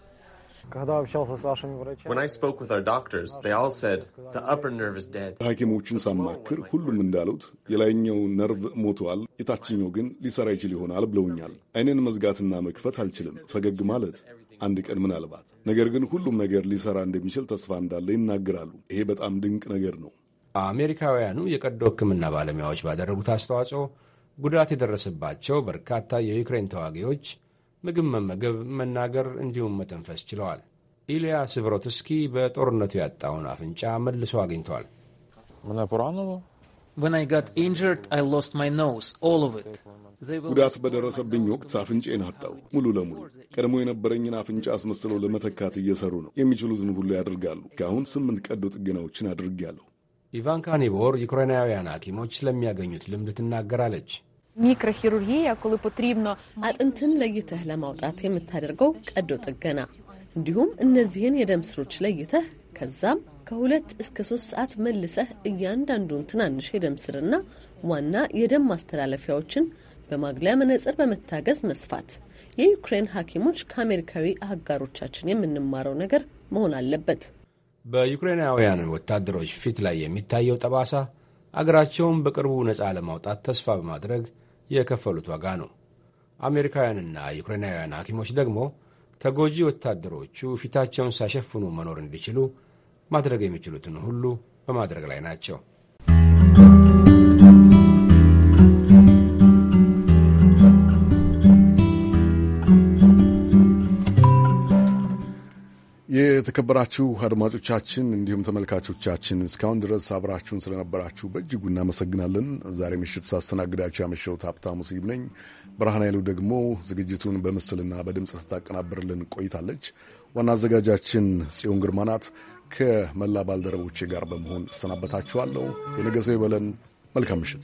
ሐኪሞችን ሳማክር ሁሉም እንዳሉት የላይኛው ነርቭ ሞቷል፣ የታችኛው ግን ሊሰራ ይችል ይሆናል ብለውኛል። አይኔን መዝጋትና መክፈት አልችልም፣ ፈገግ ማለት አንድ ቀን ምናልባት። ነገር ግን ሁሉም ነገር ሊሰራ እንደሚችል ተስፋ እንዳለ ይናገራሉ። ይሄ በጣም ድንቅ ነገር ነው። አሜሪካውያኑ የቀዶ ሕክምና ባለሙያዎች ባደረጉት አስተዋጽኦ ጉዳት የደረሰባቸው በርካታ የዩክሬን ተዋጊዎች ምግብ መመገብ፣ መናገር እንዲሁም መተንፈስ ችለዋል። ኢልያ ስቭሮትስኪ በጦርነቱ ያጣውን አፍንጫ መልሶ አግኝቷል። ጉዳት በደረሰብኝ ወቅት አፍንጬን አጣው ሙሉ ለሙሉ። ቀድሞ የነበረኝን አፍንጫ አስመስለው ለመተካት እየሰሩ ነው። የሚችሉትን ሁሉ ያደርጋሉ። ከአሁን ስምንት ቀዶ ጥገናዎችን አድርጌያለሁ። ኢቫንካ ኒቦር ዩክራይናውያን ሐኪሞች ስለሚያገኙት ልምድ ትናገራለች። ሚክሮሂሩርጊያ አጥንትን ለይተህ ለማውጣት የምታደርገው ቀዶ ጥገና፣ እንዲሁም እነዚህን የደም ስሮች ለይተህ ከዛም ከሁለት እስከ ሶስት ሰዓት መልሰህ እያንዳንዱን ትናንሽ የደም ስርና ዋና የደም ማስተላለፊያዎችን በማግለያ መነጽር በመታገዝ መስፋት የዩክሬን ሐኪሞች ከአሜሪካዊ አጋሮቻችን የምንማረው ነገር መሆን አለበት። በዩክሬናውያን ወታደሮች ፊት ላይ የሚታየው ጠባሳ አገራቸውን በቅርቡ ነፃ ለማውጣት ተስፋ በማድረግ የከፈሉት ዋጋ ነው። አሜሪካውያንና ዩክሬናውያን ሐኪሞች ደግሞ ተጎጂ ወታደሮቹ ፊታቸውን ሳይሸፍኑ መኖር እንዲችሉ ማድረግ የሚችሉትን ሁሉ በማድረግ ላይ ናቸው። የተከበራችሁ አድማጮቻችን እንዲሁም ተመልካቾቻችን እስካሁን ድረስ አብራችሁን ስለነበራችሁ በእጅጉ እናመሰግናለን። ዛሬ ምሽት ሳስተናግዳችሁ ያመሸሁት ሀብታሙ ስዩም ነኝ። ብርሃን ኃይሉ ደግሞ ዝግጅቱን በምስልና በድምፅ ስታቀናብርልን ቆይታለች። ዋና አዘጋጃችን ጽዮን ግርማ ናት። ከመላ ባልደረቦቼ ጋር በመሆን እሰናበታችኋለሁ። የነገ ሰው ይበለን። መልካም ምሽት።